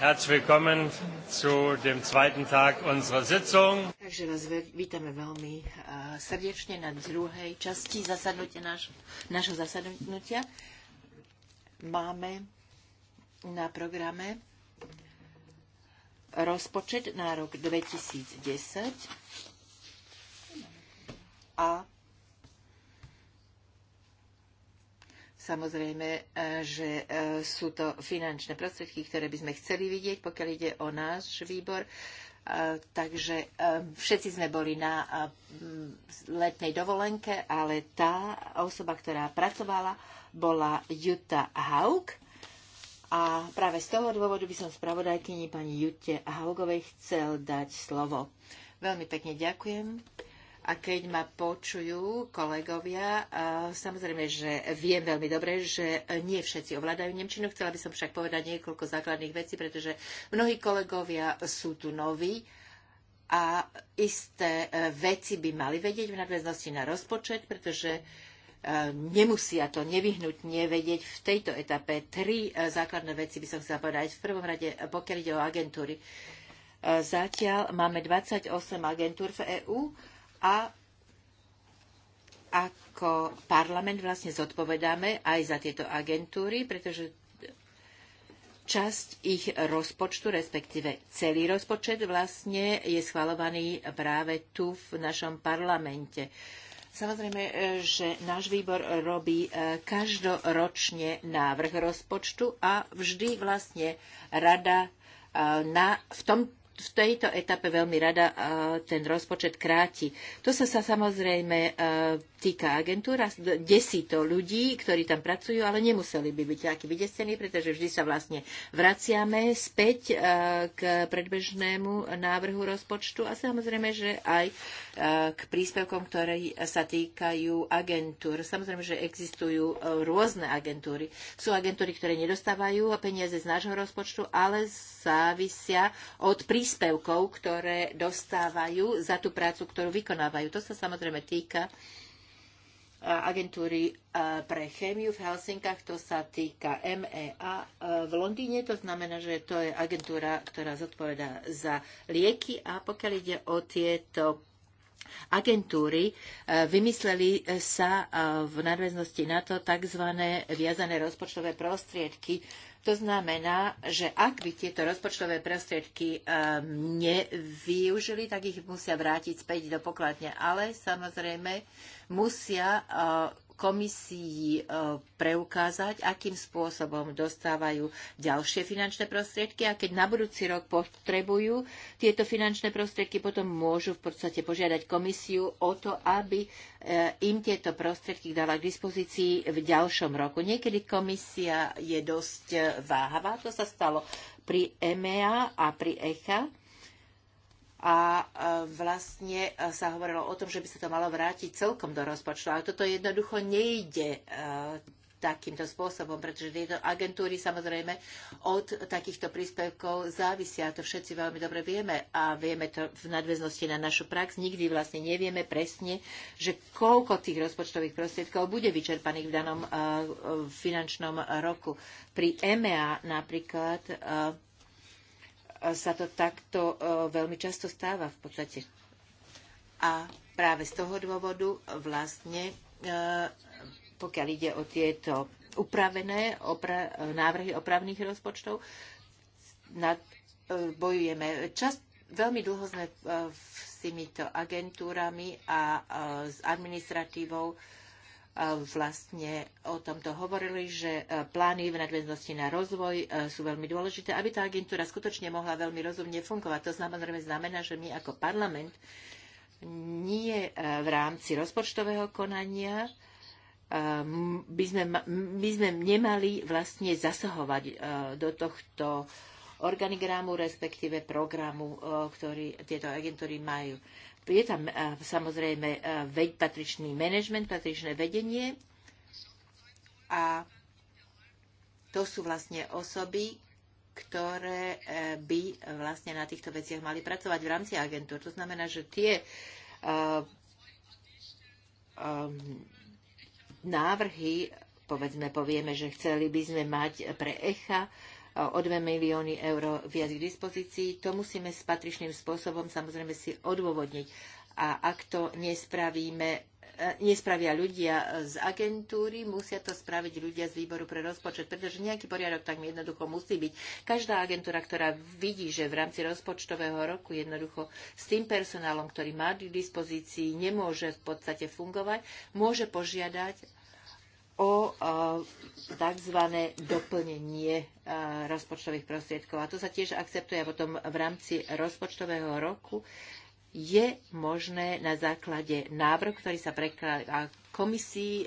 Herzlich willkommen zu dem zweiten Tag unserer Sitzung. Takže vás vítame veľmi uh, srdečne na druhej časti zasadnutia naš, našho zasadnutia. Máme na programe rozpočet na rok 2010 Samozrejme, e, že e, sú to finančné prostriedky, ktoré by sme chceli vidieť, pokiaľ ide o náš výbor. E, takže všetci sme boli na letnej dovolenke, ale tá osoba, ktorá pracovala, bola Jutta Haug. A práve z toho dôvodu by som spravodajkyni pani Jutte Haugovej chcel dať slovo. Veľmi pekne ďakujem. A keď ma počujú kolegovia, samozrejme, že viem veľmi dobre, že nie všetci ovládajú Nemčinu. Chcela by som však povedať niekoľko základných vecí, pretože mnohí kolegovia sú tu noví a isté e, veci by mali vedieť v nadväznosti na rozpočet, pretože e, nemusia to nevyhnutne vedieť v tejto etape. Tri e, základné veci by som chcela povedať. V prvom rade, pokiaľ ide o agentúry. Zatiaľ máme 28 agentúr v EÚ a ako parlament vlastne zodpovedáme aj za tieto agentúry, pretože časť ich rozpočtu, respektíve celý rozpočet vlastne je schvalovaný práve tu v našom parlamente. Samozrejme, e, že náš výbor robí e, každoročne návrh rozpočtu a vždy vlastne rada e, na, v tom v tejto etape veľmi rada ten rozpočet kráti. To sa, sa samozrejme e, týka agentúra, desí to ľudí, ktorí tam pracujú, ale nemuseli by byť takí vydesení, pretože vždy sa vlastne vraciame späť e, k predbežnému návrhu rozpočtu a samozrejme, že aj e, k príspevkom, ktoré sa týkajú agentúr. Samozrejme, že existujú rôzne agentúry. Sú agentúry, ktoré nedostávajú peniaze z nášho rozpočtu, ale závisia od príspevkov príspevkov, ktoré dostávajú za tú prácu, ktorú vykonávajú. To sa samozrejme týka agentúry pre chémiu v Helsinkách, to sa týka MEA v Londýne, to znamená, že to je agentúra, ktorá zodpovedá za lieky a pokiaľ ide o tieto agentúry, vymysleli sa v nadväznosti na to tzv. viazané rozpočtové prostriedky, to znamená, že ak by tieto rozpočtové prostriedky um, nevyužili, tak ich musia vrátiť späť do pokladne. Ale samozrejme musia uh, komisii e, preukázať, akým spôsobom dostávajú ďalšie finančné prostriedky a keď na budúci rok potrebujú tieto finančné prostriedky, potom môžu v podstate požiadať komisiu o to, aby e, im tieto prostriedky dala k dispozícii v ďalšom roku. Niekedy komisia je dosť e, váhavá, to sa stalo pri EMEA a pri ECHA a e, vlastne e, sa hovorilo o tom, že by sa to malo vrátiť celkom do rozpočtu. Ale toto jednoducho nejde e, takýmto spôsobom, pretože tieto agentúry samozrejme od takýchto príspevkov závisia, to všetci veľmi dobre vieme a vieme to v nadväznosti na našu prax. Nikdy vlastne nevieme presne, že koľko tých rozpočtových prostriedkov bude vyčerpaných v danom uh, finančnom roku. Pri EMEA napríklad uh, sa to takto e, veľmi často stáva v podstate. A práve z toho dôvodu vlastne, e, pokiaľ ide o tieto upravené opra- návrhy opravných rozpočtov, nad, e, bojujeme. Čas, veľmi dlho sme s týmito agentúrami a s administratívou vlastne o tomto hovorili, že e, plány v nadväznosti na rozvoj e, sú veľmi dôležité, aby tá agentúra skutočne mohla veľmi rozumne fungovať. To samozrejme znamená, že my ako parlament nie e, v rámci rozpočtového konania by sme, by sme nemali vlastne zasahovať do tohto organigramu, respektíve programu, ktorý tieto agentúry majú. Je tam e, samozrejme e, patričný manažment, patričné vedenie a to sú vlastne osoby, ktoré e, by vlastne na týchto veciach mali pracovať v rámci agentúr. To znamená, že tie návrhy, povedzme, povieme, že chceli by sme mať pre ECHA o 2 milióny eur viac k dispozícii. To musíme s patričným spôsobom samozrejme si odôvodniť. A ak to nespravíme, e, nespravia ľudia z agentúry, musia to spraviť ľudia z výboru pre rozpočet, pretože nejaký poriadok tak jednoducho musí byť. Každá agentúra, ktorá vidí, že v rámci rozpočtového roku jednoducho s tým personálom, ktorý má k dispozícii, nemôže v podstate fungovať, môže požiadať o tzv. doplnenie e, rozpočtových prostriedkov. A to sa tiež akceptuje potom v rámci rozpočtového roku je možné na základe návrhu, ktorý sa prekladá komisii, e,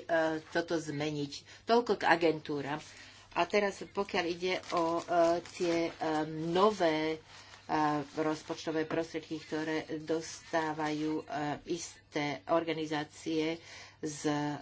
toto zmeniť. Toľko k agentúram. A teraz, pokiaľ ide o e, tie nové rozpočtové prostriedky, ktoré dostávajú isté organizácie z e,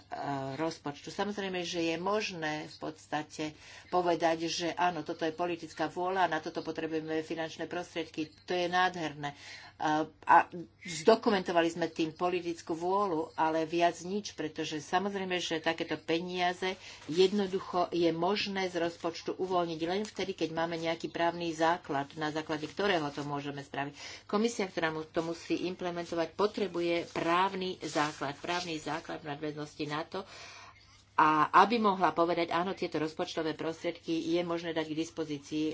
rozpočtu. Samozrejme, že je možné v podstate povedať, že áno, toto je politická vôľa, na toto potrebujeme finančné prostriedky. To je nádherné a zdokumentovali sme tým politickú vôľu, ale viac nič, pretože samozrejme, že takéto peniaze jednoducho je možné z rozpočtu uvoľniť len vtedy, keď máme nejaký právny základ, na základe ktorého to môžeme spraviť. Komisia, ktorá to musí implementovať, potrebuje právny základ. Právny základ v nadväznosti na to, a aby mohla povedať, áno, tieto rozpočtové prostriedky je možné dať k dispozícii. E,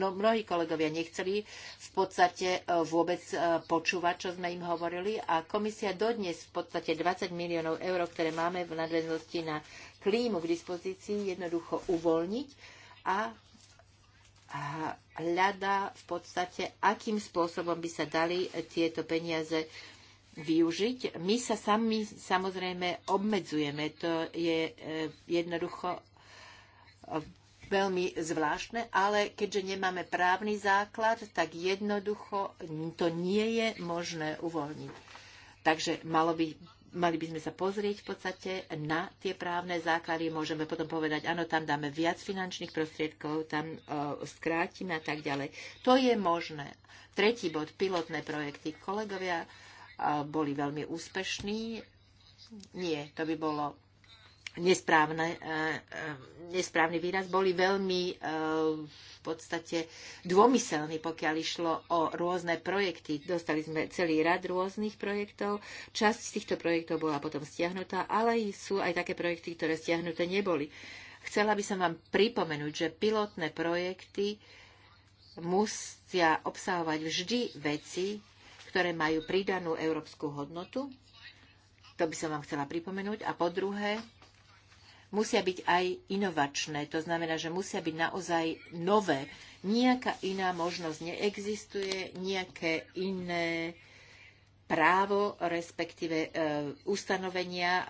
mnohí kolegovia nechceli v podstate e, vôbec e, počúvať, čo sme im hovorili a komisia dodnes v podstate 20 miliónov eur, ktoré máme v nadväznosti na klímu k dispozícii, jednoducho uvoľniť a hľada v podstate, akým spôsobom by sa dali tieto peniaze využiť. My sa sami samozrejme obmedzujeme. To je e, jednoducho e, veľmi zvláštne, ale keďže nemáme právny základ, tak jednoducho to nie je možné uvoľniť. Takže malo by, mali by sme sa pozrieť v podstate na tie právne základy. Môžeme potom povedať, áno, tam dáme viac finančných prostriedkov, tam uh, skrátime a tak ďalej. To je možné. Tretí bod, pilotné projekty. Kolegovia, boli veľmi úspešní. Nie, to by bolo nesprávne, e, e, nesprávny výraz. Boli veľmi e, v podstate dômyselní, pokiaľ išlo o rôzne projekty. Dostali sme celý rad rôznych projektov. Časť z týchto projektov bola potom stiahnutá, ale sú aj také projekty, ktoré stiahnuté neboli. Chcela by som vám pripomenúť, že pilotné projekty musia obsahovať vždy veci, ktoré majú pridanú európsku hodnotu. To by som vám chcela pripomenúť. A po druhé, musia byť aj inovačné. To znamená, že musia byť naozaj nové. Nijaká iná možnosť neexistuje, nejaké iné právo, respektíve e, ustanovenia e,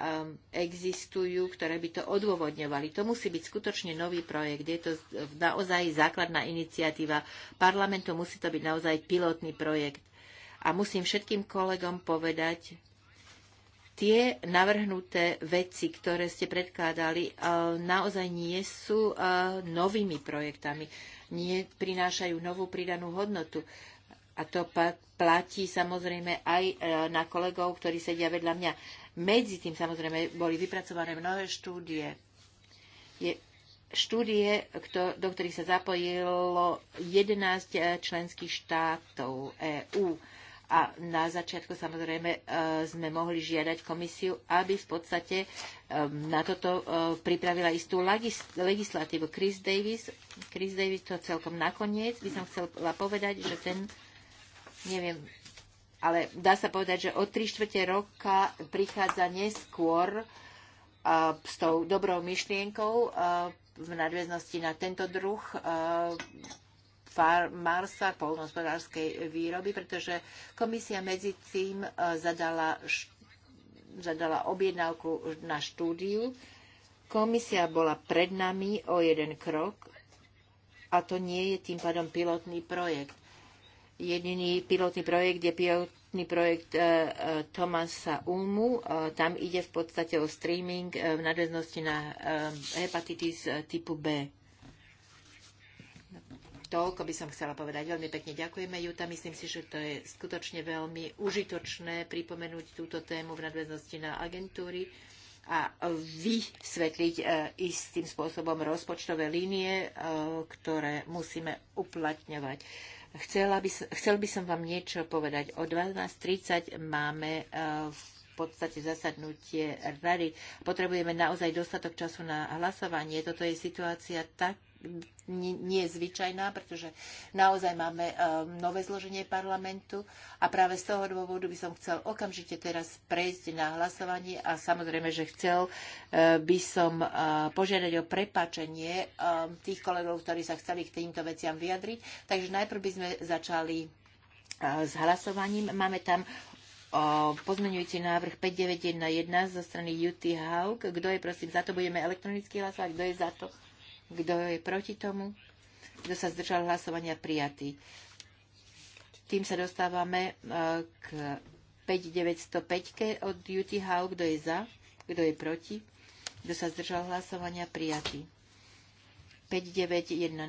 existujú, ktoré by to odôvodňovali. To musí byť skutočne nový projekt. Je to naozaj základná iniciatíva parlamentu, musí to byť naozaj pilotný projekt. A musím všetkým kolegom povedať, tie navrhnuté veci, ktoré ste predkladali, eh, naozaj nie sú eh, novými projektami. Nie prinášajú novú pridanú hodnotu. A to platí samozrejme aj eh, na kolegov, ktorí sedia vedľa mňa. Medzi tým samozrejme boli vypracované mnohé štúdie. Je štúdie, do ktorých sa zapojilo 11 členských štátov EÚ. A na začiatku samozrejme e, sme mohli žiadať komisiu, aby v podstate e, na toto e, pripravila istú legislatívu. Chris Davis, Chris Davis to celkom nakoniec by som chcela povedať, že ten, neviem, ale dá sa povedať, že o tri štvrte roka prichádza neskôr s tou dobrou myšlienkou v nadväznosti na tento druh farmárstva, polnohospodárskej výroby, pretože komisia medzi tým e, zadala, zadala objednávku na štúdiu. Komisia bola pred nami o jeden krok a to nie je tým pádom pilotný projekt. Jediný pilotný projekt je pilotný projekt e, e, Tomasa Ulmu. Tam ide v podstate o streaming v nadväznosti na hepatitis typu B. Toľko by som chcela povedať. Veľmi pekne ďakujeme, Juta. Myslím si, že to je skutočne veľmi užitočné pripomenúť túto tému v nadväznosti na agentúry a vysvetliť e, istým spôsobom rozpočtové línie, e, ktoré musíme uplatňovať. Chcela by, chcel by som vám niečo povedať. O 12.30 máme e, v podstate zasadnutie rady. Potrebujeme naozaj dostatok času na hlasovanie. Toto je situácia tak nie zvyčajná, pretože naozaj máme eh, nové zloženie parlamentu a práve z toho dôvodu by som chcel okamžite teraz prejsť na hlasovanie a samozrejme, že chcel eh, by som eh, požiadať o prepačenie tých kolegov, ktorí sa chceli k týmto veciam vyjadriť. Takže najprv by sme začali s hlasovaním. Máme tam pozmeňujúci návrh 5911 zo strany UT Hawk. Kto je prosím za to? Budeme elektronicky hlasovať. Kto je za to? Kto je proti tomu? Kto sa zdržal hlasovania? Prijatý. Tým sa dostávame e, k 5905 od Duty How. Kto je za? Kto je proti? Kto sa zdržal hlasovania? Prijatý. 5910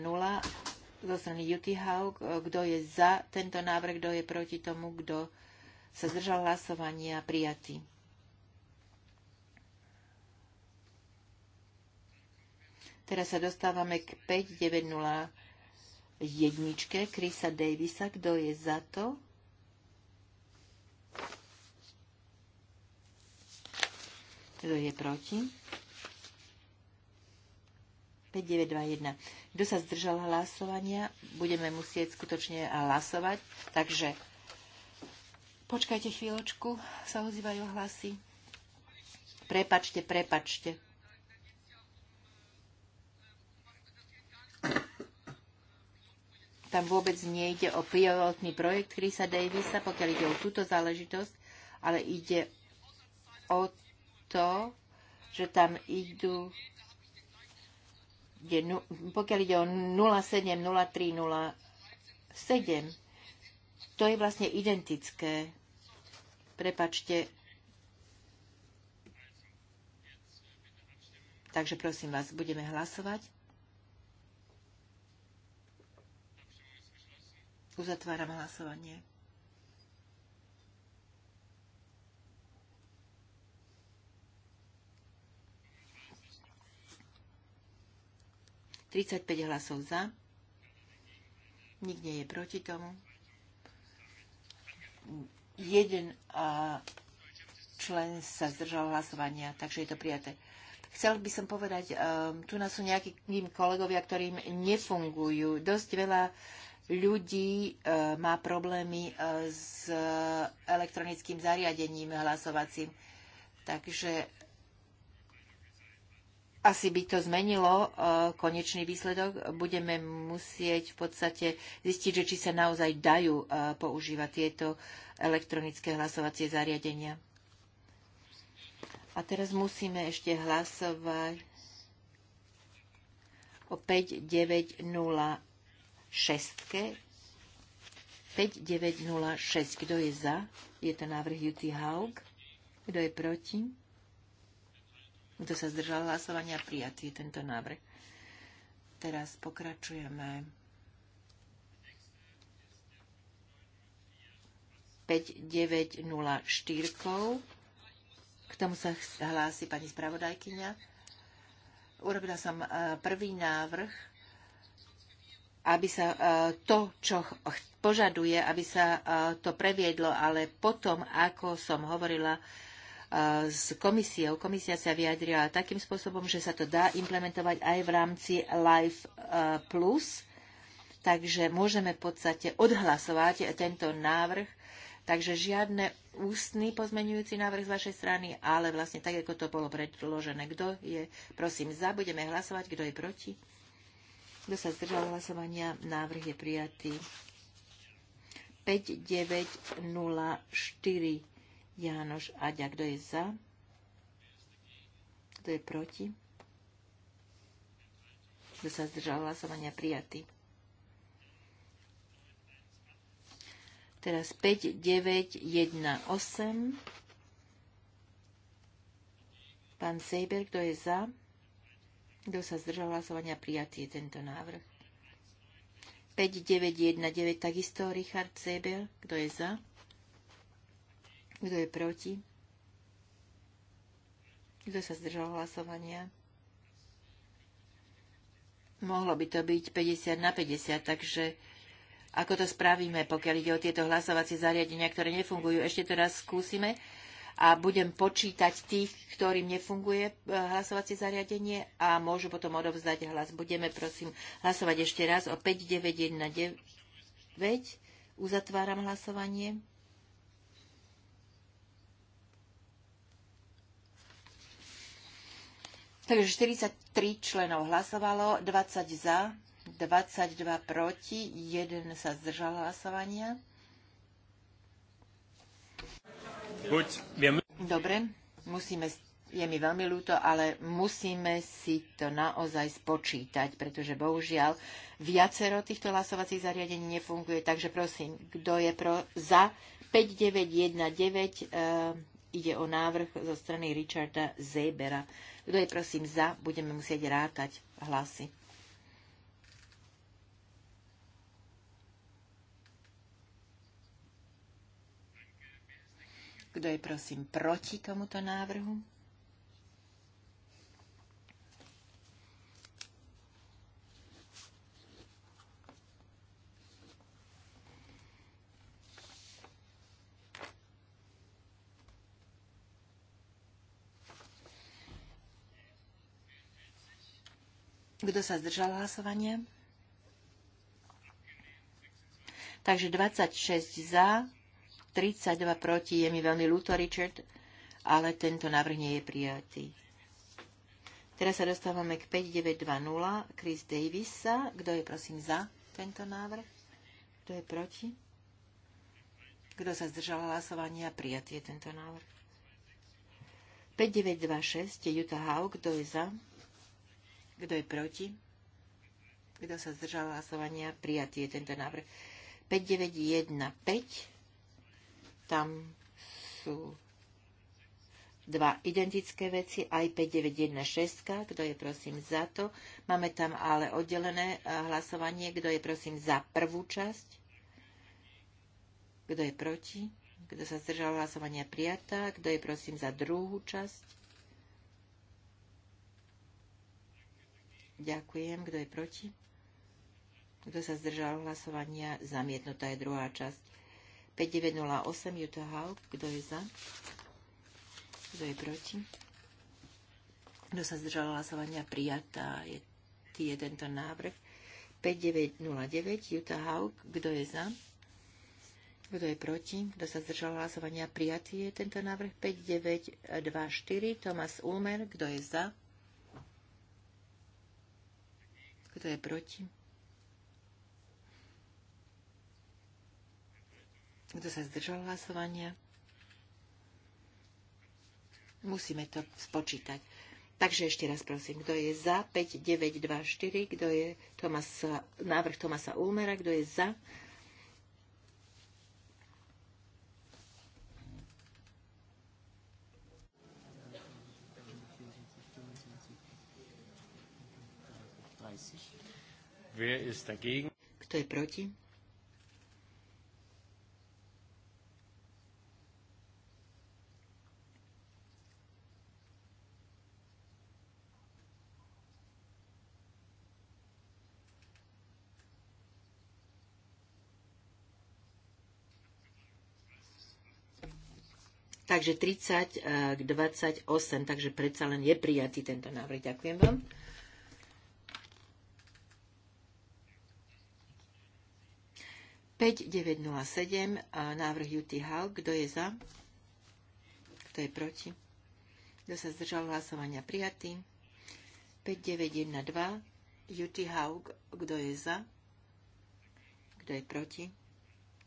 zo strany Duty How. Kto je za tento návrh? Kto je proti tomu? Kto sa zdržal hlasovania? Prijatý. Teraz sa dostávame k 5901. jedničke Krisa Davisa. Kto je za to? Kto je proti? 5921. Kto sa zdržal hlasovania, budeme musieť skutočne hlasovať. Takže počkajte chvíľočku, sa ozývajú hlasy. Prepačte, prepačte. Tam vôbec nejde o pilotný projekt Chrisa Davisa, pokiaľ ide o túto záležitosť, ale ide o to, že tam idú ide, pokiaľ ide o 070307, to je vlastne identické. Prepačte. Takže prosím vás, budeme hlasovať. Uzatváram hlasovanie. päť hlasov za. Nikde je proti tomu. Jeden člen sa zdržal hlasovania, takže je to prijaté. Chcel by som povedať, um, tu nás sú nejakí kolegovia, ktorým nefungujú. Dosť veľa uh, ľudí e, má problémy e, s elektronickým zariadením hlasovacím. Takže asi by to zmenilo e, konečný výsledok. Budeme musieť v podstate zistiť, že či sa naozaj dajú používať tieto elektronické hlasovacie zariadenia. A teraz musíme ešte hlasovať o 590 šestke 5906. Kto je za? Je to návrh Juty Haug. Kto je proti? Kto sa zdržal hlasovania? Prijatý je tento návrh. Teraz pokračujeme 5904. K tomu sa hlási pani spravodajkyňa. Urobila som eh, prvý návrh aby sa e, to, čo požaduje, aby sa e, to previedlo, ale potom, ako som hovorila e, s komisiou, komisia sa vyjadrila takým spôsobom, že sa to dá implementovať aj v rámci Life Plus, takže môžeme v podstate odhlasovať tento návrh Takže žiadne ústny pozmenujúci návrh z vašej strany, ale vlastne tak, ako to bolo predložené. Kto je, prosím, za, budeme hlasovať. Kto je proti? Kto sa zdržal hlasovania? Návrh je prijatý. 5 5904 Jánoš Aďa. Kto je za? Kto je proti? Kto sa zdržal hlasovania? Prijatý. Teraz 5, 9, 1, 8. Pán Sejber, kto je za? Kto sa zdržal hlasovania, prijatý je tento návrh. 5919, takisto Richard Sebel. Kto je za? Kto je proti? Kto sa zdržal hlasovania? Mohlo by to byť 50 na 50, takže ako to spravíme, pokiaľ ide o tieto hlasovacie zariadenia, ktoré nefungujú. Ešte teraz skúsime a budem počítať tých, ktorým nefunguje eh, hlasovacie zariadenie a môžu potom odovzdať hlas. Budeme prosím hlasovať ešte raz o 5919. Uzatváram hlasovanie. Takže 43 členov hlasovalo, 20 za, 22 proti, 1 sa zdržal hlasovania. Dobre, musíme, je mi veľmi ľúto, ale musíme si to naozaj spočítať, pretože bohužiaľ viacero týchto hlasovacích zariadení nefunguje. Takže prosím, kto je pro, za 5919, e, eh, ide o návrh zo strany Richarda Zebera. Kto je prosím za, budeme musieť rátať hlasy. Kto je prosím proti tomuto návrhu? Kto sa zdržal hlasovania? Takže 26 za, 32 proti. Je mi veľmi ľúto, Richard, ale tento návrh nie je prijatý. Teraz sa dostávame k 5920 Chris Davisa. Kto je prosím za tento návrh? Kto je proti? Kto sa zdržal hlasovania? Prijatý je tento návrh. 5926 Juta Hau, Kto je za? Kto je proti? Kto sa zdržal hlasovania? Prijatý je tento návrh. 5915 tam sú dva identické veci, aj 5916, kto je prosím za to. Máme tam ale oddelené e, hlasovanie, kto je prosím za prvú časť, kto je proti, kto sa zdržal hlasovania prijatá, kto je prosím za druhú časť. Ďakujem, kto je proti. Kto sa zdržal hlasovania, zamietnutá je druhá časť. 5908 Utah Kto je za? Kto je proti? Kto sa zdržal hlasovania? Prijatá je, tento návrh. 5909 Utah Hawk. Kto je za? Kto je proti? Kto sa zdržal hlasovania? Prijatý je tento návrh 5924. Thomas Ulmer. Kto je za? Kto je proti? Kto sa zdržal hlasovania? Musíme to spočítať. Takže ešte raz prosím, kto je za 5924, kto je Tomasa, návrh Tomasa Ulmera, kto je za? Kto je proti? Takže 30 e, k 28, takže predsa len je prijatý tento návrh. Ďakujem vám. E, návrh Juty Hal. Kto je za? Kto je proti? Kto sa zdržal hlasovania? Prijatý. 5912 Juty Haug. Kto je za? Kto je proti?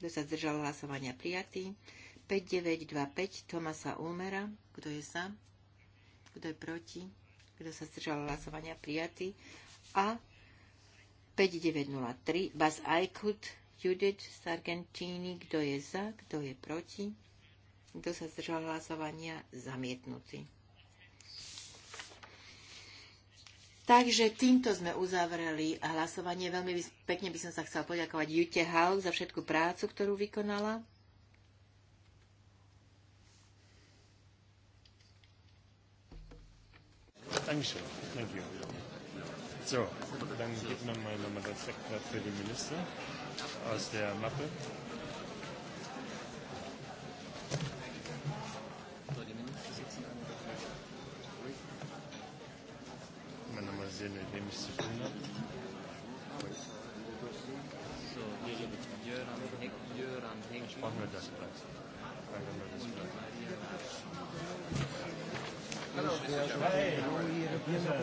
Kto sa zdržal hlasovania? Prijatý. 5925 Tomasa Úmera. Kto je za? Kto je proti? Kto sa zdržal hlasovania? Prijatý. A 5903 Bas Aykut Judith Sargentini, Kto je za? Kto je proti? Kto sa zdržal hlasovania? Zamietnutý. Takže týmto sme uzavreli hlasovanie. Veľmi pekne by som sa chcela poďakovať Jute Haug za všetku prácu, ktorú vykonala. Dankeschön. Thank you. So, dann gibt man mal nochmal das Sekretär für die Minister aus der Mappe.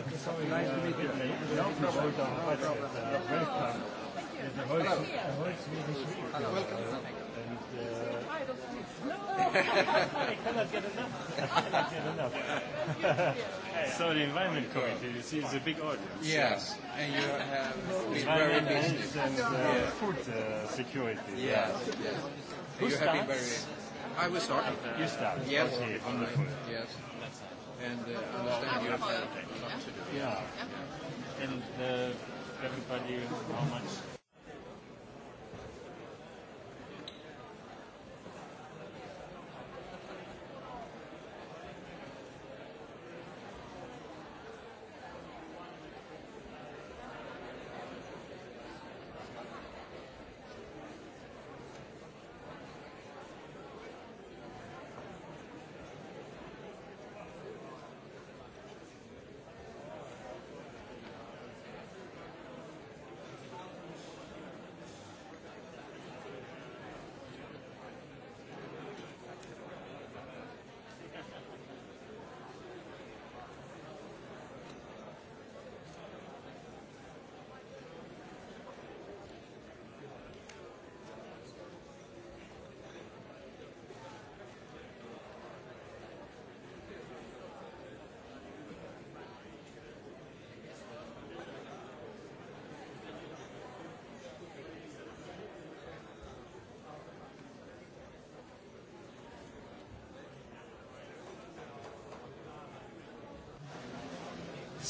so The environment committee, you see, is a big audience. Yes, and you have been very busy. And uh, yeah. food uh, security. Yes, yes. Who you starts? Have been very, I will start. You start. Yes. Okay, food. Yes and uh, understand you have a Yeah. yeah. And uh, everybody, how much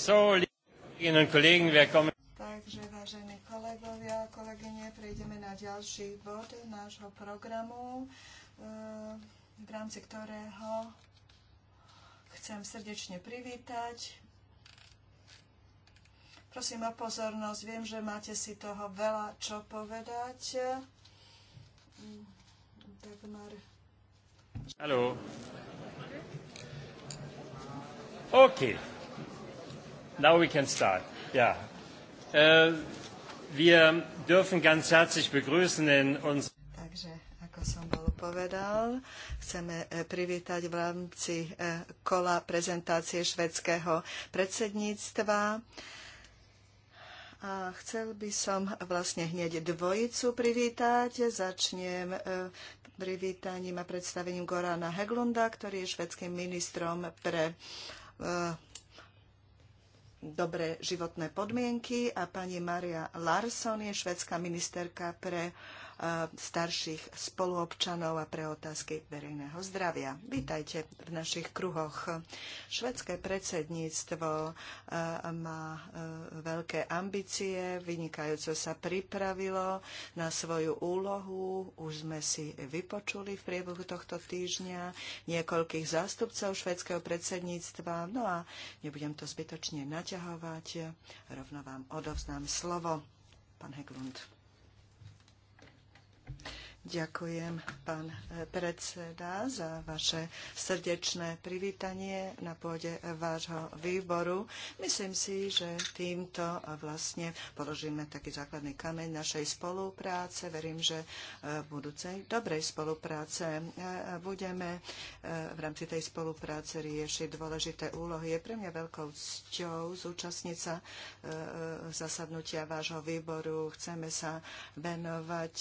Takže, vážení kolegovia kolegyne, prejdeme na ďalší bod nášho programu, eh, v rámci ktorého chcem srdečne privítať. Prosím o pozornosť, viem, že máte si toho veľa čo povedať. Dagmar. Haló. OK. Now we can start. Ja. Yeah. Äh, wir dürfen ganz herzlich begrüßen in uns. Takže, ako som bol povedal, chceme äh, privítať v rámci äh, kola prezentácie švedského predsedníctva. A chcel by som vlastne hneď dvojicu privítať. Začnem privítaním a predstavením Gorana Heglunda, ktorý je švedským ministrom pre dobré životné podmienky a pani Maria Larsson je švedská ministerka pre starších spoluobčanov a pre otázky verejného zdravia. Vítajte v našich kruhoch. Švedské predsedníctvo e, má e, veľké ambície, vynikajúco sa pripravilo na svoju úlohu. Už sme si vypočuli v priebehu tohto týždňa niekoľkých zástupcov švedského predsedníctva. No a nebudem to zbytočne naťahovať. Rovno vám odovznám slovo. Pán Heglund. Ďakujem, pán eh, predseda, za vaše srdečné privítanie na pôde vášho výboru. Myslím si, že týmto eh, vlastne položíme taký základný kameň našej spolupráce. Verím, že v eh, budúcej dobrej spolupráce budeme v rámci tej spolupráce riešiť dôležité úlohy. Je pre mňa veľkou cťou zúčastniť sa zasadnutia vášho výboru. Chceme sa venovať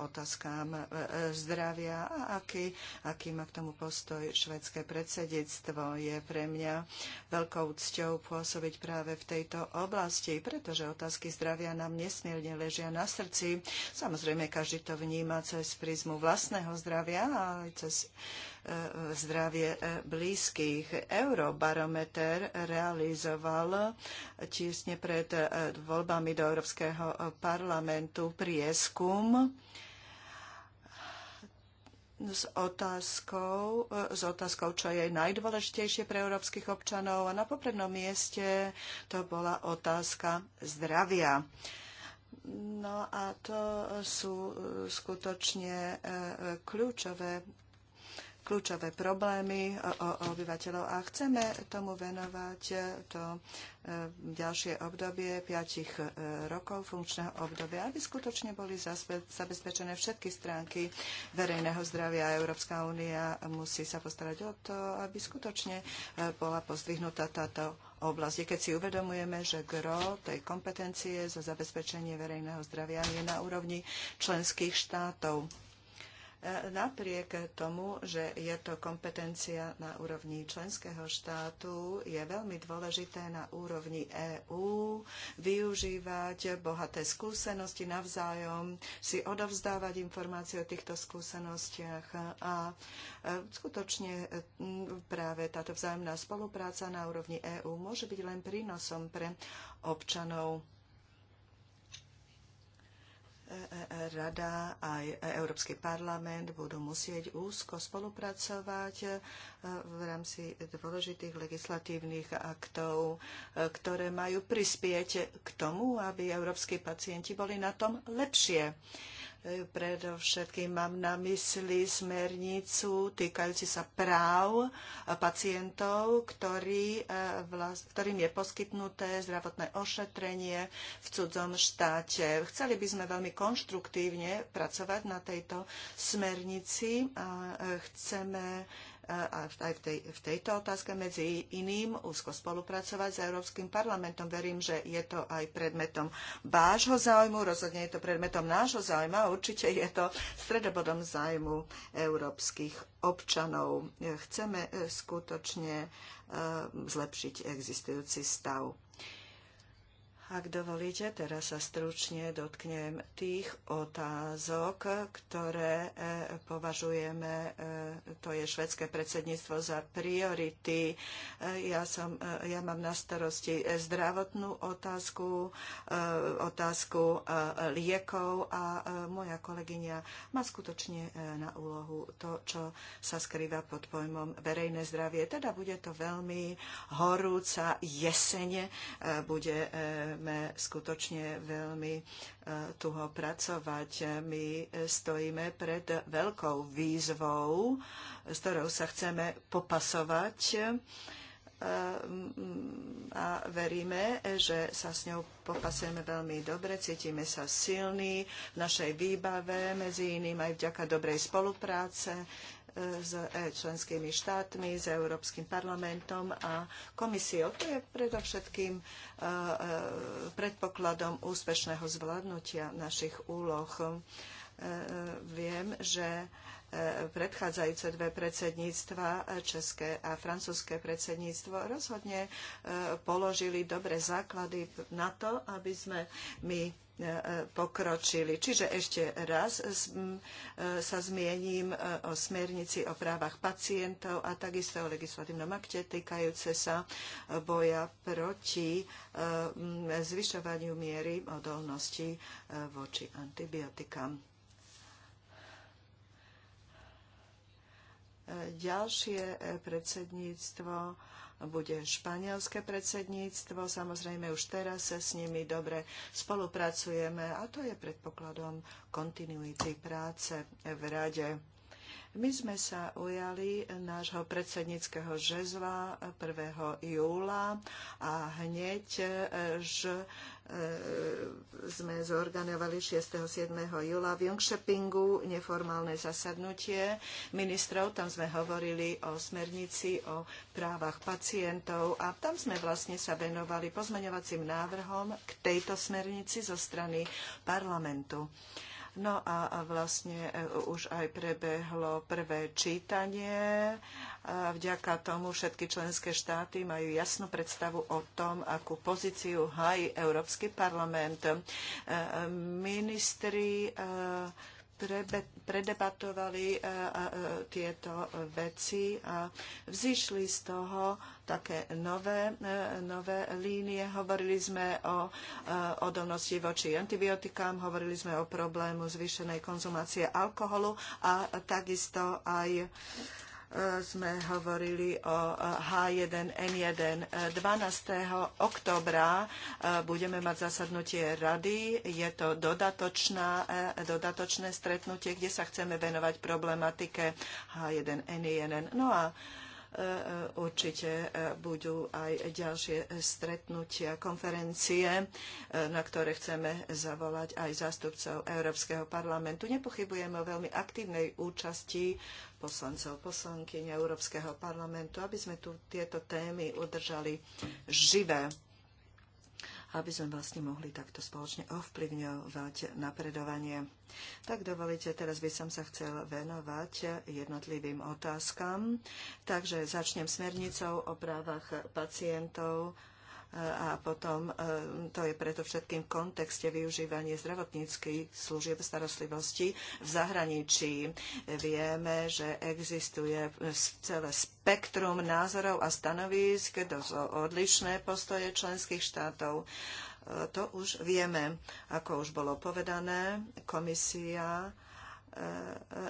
otázka otázkam e, e, zdravia a aký, aký má k tomu postoj švedské predsedníctvo. Je pre mňa veľkou cťou pôsobiť práve v tejto oblasti, pretože otázky zdravia nám nesmierne ležia na srdci. Samozrejme, každý to vníma cez prízmu vlastného zdravia a aj cez e, zdravie blízkych. Eurobarometer realizoval tiesne pred voľbami do Európskeho parlamentu prieskum, s otázkou, e, s otázkou, čo je najdôležitejšie pre európskych občanov. A na poprednom mieste to bola otázka zdravia. No a to sú e, skutočne e, kľúčové kľúčové problémy e, e, obyvateľov a chceme tomu venovať e, to ďalšie obdobie piatich rokov funkčného obdobia, aby skutočne boli zabezpečené všetky stránky verejného zdravia. Európska únia musí sa postarať o to, aby skutočne bola pozdvihnutá táto oblasti, keď si uvedomujeme, že gro tej kompetencie za zabezpečenie verejného zdravia je na úrovni členských štátov. Napriek tomu, že je to kompetencia na úrovni členského štátu, je veľmi dôležité na úrovni EÚ využívať bohaté skúsenosti navzájom, si odovzdávať informácie o týchto skúsenostiach a e, skutočne práve táto vzájomná spolupráca na úrovni EÚ môže byť len prínosom pre občanov Rada aj Európsky parlament budú musieť úzko spolupracovať eh, v rámci dôležitých legislatívnych aktov, eh, ktoré majú prispieť k tomu, aby európsky pacienti boli na tom lepšie. Predovšetkým mám na mysli smernicu týkajúci sa práv pacientov, ktorý, e, ktorým je poskytnuté zdravotné ošetrenie v cudzom štáte. Chceli by sme veľmi konštruktívne pracovať na tejto smernici a e, chceme a aj v, tej, v tejto otázke medzi iným úzko spolupracovať s Európskym parlamentom. Verím, že je to aj predmetom vášho záujmu, rozhodne je to predmetom nášho záujma a určite je to stredobodom záujmu európskych občanov. Chceme eh, skutočne eh, zlepšiť existujúci stav. Ak dovolíte, teraz sa stručne dotknem tých otázok, ktoré e, považujeme, e, to je švedské predsedníctvo, za priority. E, ja, som, ja mám na starosti zdravotnú otázku, otázku liekov a moja kolegyňa má skutočne na úlohu to, čo sa skrýva pod pojmom verejné zdravie. Teda bude to veľmi horúca jesene. bude budeme skutočne veľmi e, tuho pracovať. My stojíme pred veľkou výzvou, s ktorou sa chceme popasovať a veríme, že sa s ňou popasujeme veľmi dobre, cítime sa silní v našej výbave, medzi iným aj vďaka dobrej spolupráce e, s e, členskými štátmi, s Európskym parlamentom a komisiou. To je predovšetkým e, predpokladom úspešného zvládnutia našich úloh. Viem, že predchádzajúce dve predsedníctva, české a francúzske predsedníctvo, rozhodne e, položili dobre základy na to, aby sme my e, pokročili. Čiže ešte raz e, sa zmiením o smernici o právach pacientov a takisto o legislatívnom akte týkajúce sa boja proti zvyšovaniu miery odolnosti voči antibiotikám. Ďalšie e, predsedníctvo bude španielské predsedníctvo. Samozrejme, už teraz sa s nimi dobre spolupracujeme a to je predpokladom kontinuity práce v rade. My sme sa ujali nášho predsedníckého žezla 1. júla a hneď že e, sme zorganovali 6. 7. júla v Jungšepingu neformálne zasadnutie ministrov. Tam sme hovorili o smernici, o právach pacientov a tam sme vlastne sa venovali pozmeňovacím návrhom k tejto smernici zo strany parlamentu. No a vlastne e, už aj prebehlo prvé čítanie. A vďaka tomu všetky členské štáty majú jasnú predstavu o tom, akú pozíciu hájí Európsky parlament. E, ministri e, predebatovali tieto veci a vzýšli z toho také nové, e, nové línie. Hovorili sme o e, odolnosti voči antibiotikám, hovorili sme o problému zvýšenej konzumácie alkoholu a takisto aj e, sme hovorili o H1N1. 12. oktobra budeme mať zasadnutie rady. Je to dodatočná, dodatočné stretnutie, kde sa chceme venovať problematike H1N1. No a E, e, určite e, budú aj ďalšie stretnutia, konferencie, na ktoré chceme zavolať aj zástupcov Európskeho parlamentu. Nepochybujeme o veľmi aktívnej účasti poslancov, poslankyň Európskeho parlamentu, aby sme tu tieto témy udržali živé aby sme vlastne mohli takto spoločne ovplyvňovať napredovanie. Tak dovolíte, teraz by som sa chcel venovať jednotlivým otázkam. Takže začnem smernicou o právach pacientov a potom e, to je predovšetkým v kontexte využívanie zdravotníckých služieb starostlivosti v zahraničí. Vieme, že existuje celé spektrum názorov a stanovísk, to sú odlišné postoje členských štátov. E, to už vieme, ako už bolo povedané, komisia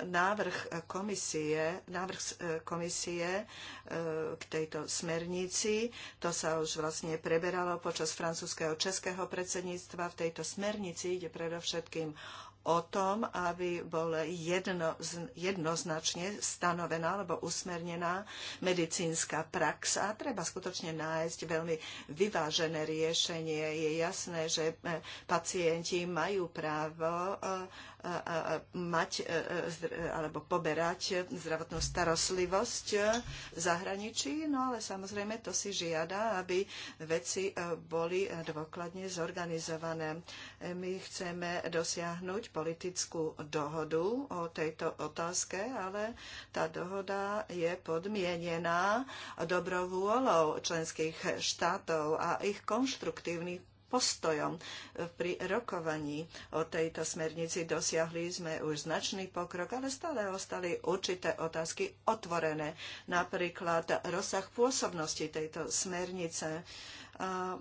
návrh komisie, návrh komisie e, k tejto smernici. To sa už vlastne preberalo počas francúzského českého predsedníctva. V tejto smernici ide predovšetkým o tom, aby bola jedno, jednoznačne stanovená alebo usmernená medicínska prax a treba skutočne nájsť veľmi vyvážené riešenie. Je jasné, že e, pacienti majú právo e, mať e, e, e, alebo poberať zdravotnú starostlivosť v zahraničí, no ale samozrejme to si žiada, aby veci boli dôkladne zorganizované. My chceme dosiahnuť politickú dohodu o tejto otázke, ale tá dohoda je podmienená dobrou členských štátov a ich konštruktívnych postojom pri rokovaní o tejto smernici. Dosiahli sme už značný pokrok, ale stále ostali určité otázky otvorené. Napríklad rozsah pôsobnosti tejto smernice. A,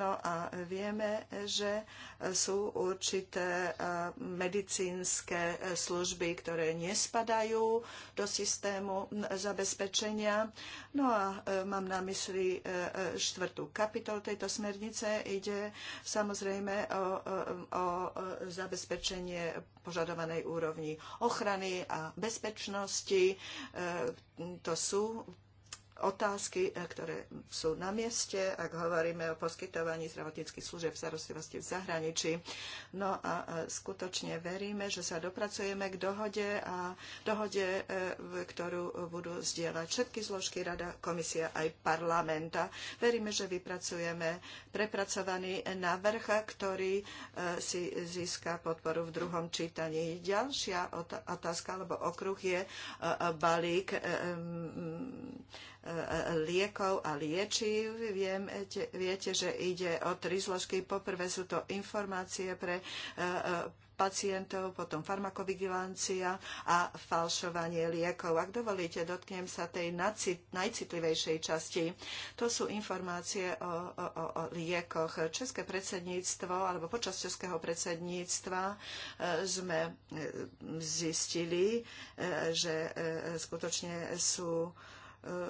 No a vieme, že sú určité e, medicínske e, služby, ktoré nespadajú do systému zabezpečenia. No a e, mám na mysli štvrtú kapitol tejto smernice. Ide samozrejme o, o zabezpečenie požadovanej úrovni ochrany a bezpečnosti. To sú otázky, e, ktoré sú na mieste, ak hovoríme o poskytovaní zdravotníckých služieb v starostlivosti v zahraničí. No a e, skutočne veríme, že sa dopracujeme k dohode a dohode, e, ktorú budú zdieľať všetky zložky Rada, Komisia aj parlamenta. Veríme, že vypracujeme prepracovaný návrh, ktorý si získa podporu v druhom čítaní. Ďalšia otázka alebo okruh je balík liekov a liečiv. Viete, viete, že ide o tri zložky. Poprvé sú to informácie pre e, e, pacientov, potom farmakovigilancia a falšovanie liekov. Ak dovolíte, dotknem sa tej najcitlivejšej časti. To sú informácie o, o, o liekoch. České predsedníctvo, alebo počas českého predsedníctva e, sme zistili, že skutočne sú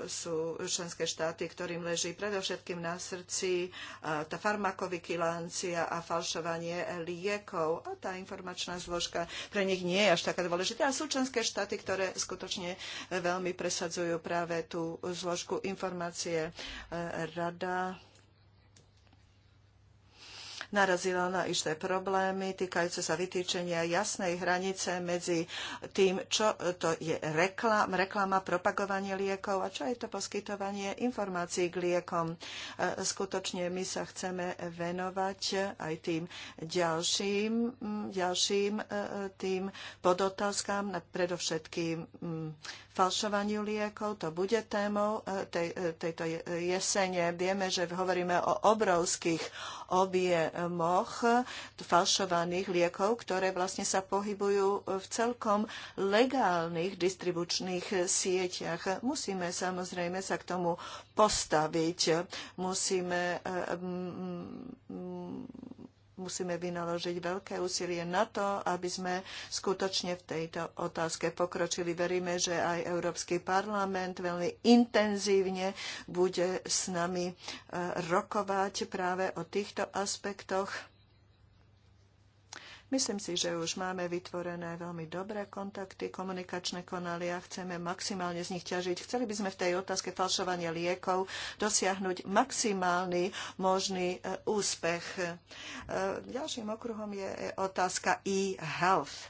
sú členské štáty, ktorým leží predovšetkým na srdci e, tá farmakovikilancia a falšovanie liekov. A tá informačná zložka pre nich nie je až taká dôležitá. A sú členské štáty, ktoré skutočne veľmi presadzujú práve tú zložku informácie. E, Rada narazila na isté problémy týkajúce sa vytýčenia jasnej hranice medzi tým, čo to je reklam, reklama, propagovanie liekov a čo je to poskytovanie informácií k liekom. E, skutočne my sa chceme venovať aj tým ďalším, ďalším e, tým podotázkam, predovšetkým falšovaniu liekov. To bude témou e, tej, tejto jesene. Vieme, že hovoríme o obrovských obie, moch falšovaných liekov, ktoré vlastne sa pohybujú v celkom legálnych distribučných sieťach. Musíme samozrejme sa k tomu postaviť. Musíme eh, musíme vynaložiť veľké úsilie na to, aby sme skutočne v tejto otázke pokročili. Veríme, že aj Európsky parlament veľmi intenzívne bude s nami eh, rokovať práve o týchto aspektoch Myslím si, že už máme vytvorené veľmi dobré kontakty, komunikačné konály a chceme maximálne z nich ťažiť. Chceli by sme v tej otázke falšovania liekov dosiahnuť maximálny možný e, úspech. E, ďalším okruhom je otázka e-health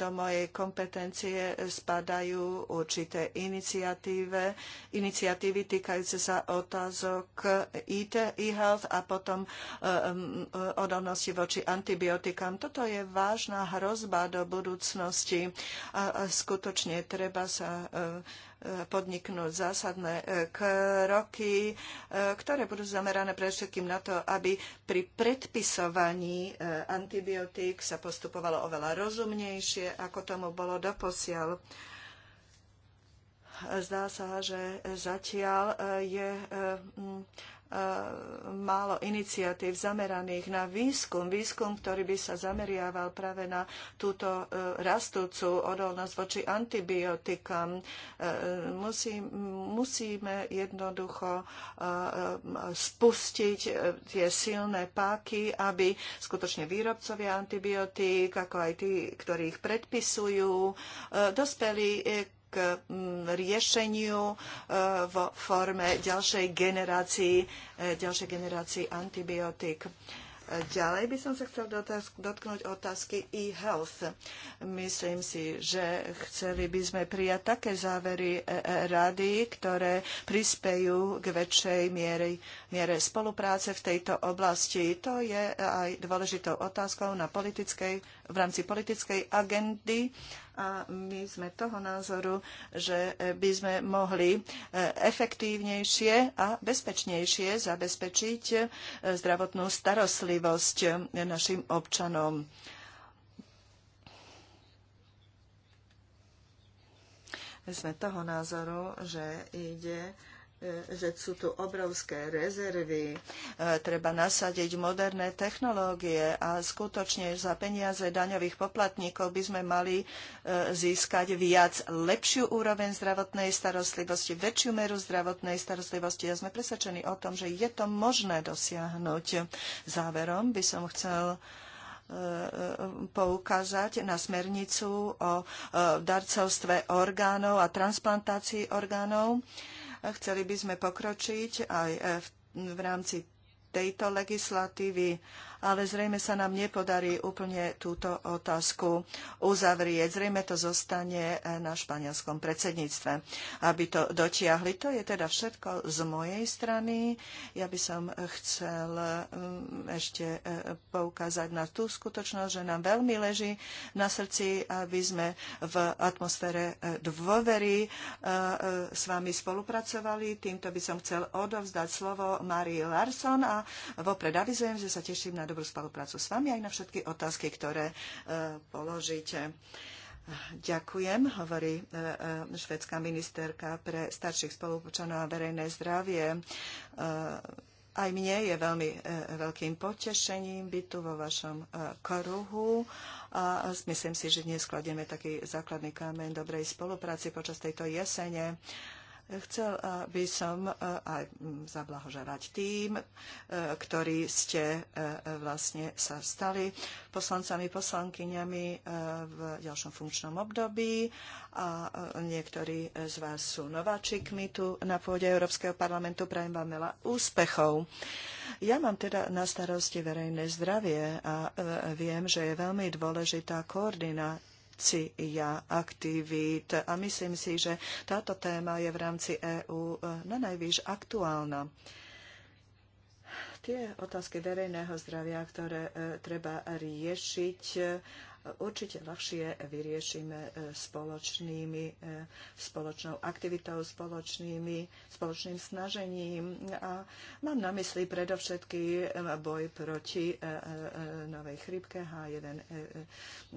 do mojej kompetencie spadajú určité iniciatíve, iniciatívy týkajúce sa otázok IT, e-health a potom um, um, odolnosti voči antibiotikám. Toto je vážna hrozba do budúcnosti a skutočne treba sa podniknúť zásadné e, kroky, e, ktoré budú zamerané všetkým na to, aby pri predpisovaní e, antibiotík sa postupovalo oveľa rozumnejšie, ako tomu bolo doposiaľ. Zdá sa, že zatiaľ je málo iniciatív zameraných na výskum, výskum, ktorý by sa zameriaval práve na túto e, rastúcu odolnosť voči antibiotikám. E, musí, musíme jednoducho e, spustiť tie silné páky, aby skutočne výrobcovia antibiotík, ako aj tí, ktorí ich predpisujú, dospeli k mm, riešeniu e, v forme ďalšej generácii, e, ďalšej generácii antibiotík. E, ďalej by som sa chcel dotknúť otázky e-health. Myslím si, že chceli by sme prijať také závery rady, ktoré prispejú k väčšej miere, miere spolupráce v tejto oblasti. To je aj dôležitou otázkou na politickej v rámci politickej agendy a my sme toho názoru, že by sme mohli e, efektívnejšie a bezpečnejšie zabezpečiť e, zdravotnú starostlivosť našim občanom. sme toho názoru, že ide E, že sú tu obrovské rezervy, e, treba nasadiť moderné technológie a skutočne za peniaze daňových poplatníkov by sme mali e, získať viac lepšiu úroveň zdravotnej starostlivosti, väčšiu meru zdravotnej starostlivosti a sme presvedčení o tom, že je to možné dosiahnuť. Záverom by som chcel poukázať na smernicu o darcovstve orgánov a transplantácii orgánov. Chceli by sme pokročiť aj e, v, rámci tejto legislatívy ale zrejme sa nám nepodarí úplne túto otázku uzavrieť. Zrejme to zostane eh, na španielskom predsedníctve, aby to dotiahli. To je teda všetko z mojej strany. Ja by som chcel mm, ešte eh, poukázať na tú skutočnosť, že nám veľmi leží na srdci, aby sme v atmosfére eh, dôvery s vami spolupracovali. Týmto by som chcel odovzdať slovo Marii Larson a vopred avizujem, že sa teším na dobrú spoluprácu s vami aj na všetky otázky, ktoré e, položíte. Ďakujem, hovorí e, e, švedská ministerka pre starších spolupočanov a verejné zdravie. Aj mne je veľmi veľkým potešením byť tu vo vašom kruhu a myslím si, že dnes skladieme taký základný kámen dobrej spolupráci počas tejto jesene. Chcel eh, by som eh, aj mm, zablahoželať tým, eh, ktorí ste vlastne sa stali poslancami, poslankyňami v ďalšom funkčnom období a niektorí z vás sú nováčikmi tu na pôde Európskeho parlamentu. Prajem vám veľa úspechov. Ja mám teda na starosti verejné zdravie a viem, že je veľmi dôležitá koordinácia rámcia aktivít. A myslím si, že táto téma je v rámci EÚ e, na najvýš aktuálna tie otázky verejného zdravia, ktoré e, treba riešiť určite ľahšie vyriešime e, spoločnými, e, spoločnou aktivitou, spoločnými, spoločným snažením. A mám na mysli predovšetky e, boj proti novej chrypke H1,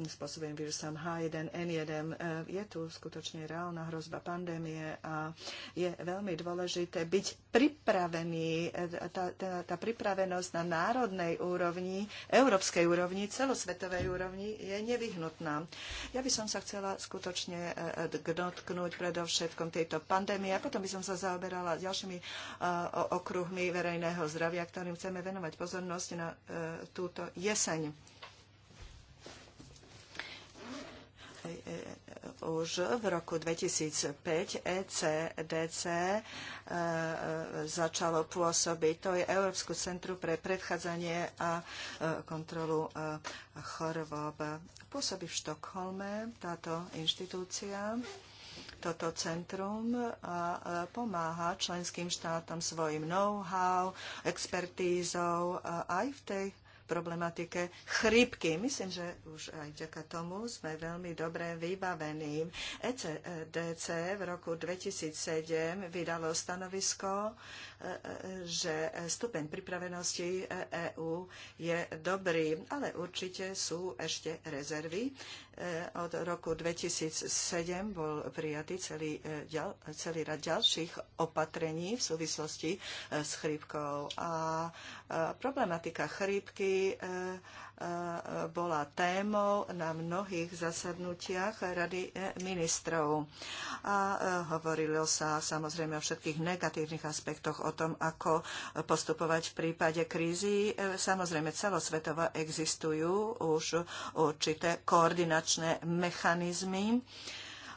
spôsobeným vírusom H1N1. Je tu skutočne reálna hrozba pandémie a je veľmi dôležité byť pripravený. Tá, tá, tá pripravenosť na národnej úrovni, európskej úrovni, celosvetovej úrovni je nevyhnutná. Ja by som sa chcela skutočne e, e, dotknúť predovšetkom tejto pandémie a potom by som sa zaoberala ďalšími e, okruhmi verejného zdravia, ktorým chceme venovať pozornosť na túto jeseň. E, už v roku 2005 ECDC e, začalo pôsobiť. To je Európsku centru pre predchádzanie a e, kontrolu chorob. Pôsobí v Štokholme táto inštitúcia toto centrum a pomáha členským štátom svojim know-how, expertízou aj v tej problematike chrípky. Myslím, že už aj vďaka tomu sme veľmi dobre vybavení. ECDC v roku 2007 vydalo stanovisko, e, e, že stupeň pripravenosti EÚ e je dobrý, ale určite sú ešte rezervy. Od roku 2007 bol prijatý celý, celý rad ďalších opatrení v súvislosti s chrípkou. A problematika chrípky Eh, bola témou na mnohých zasadnutiach Rady ministrov. A eh, hovorilo sa samozrejme o všetkých negatívnych aspektoch, o tom, ako postupovať v prípade krízy. Eh, samozrejme, celosvetovo existujú už určité koordinačné mechanizmy,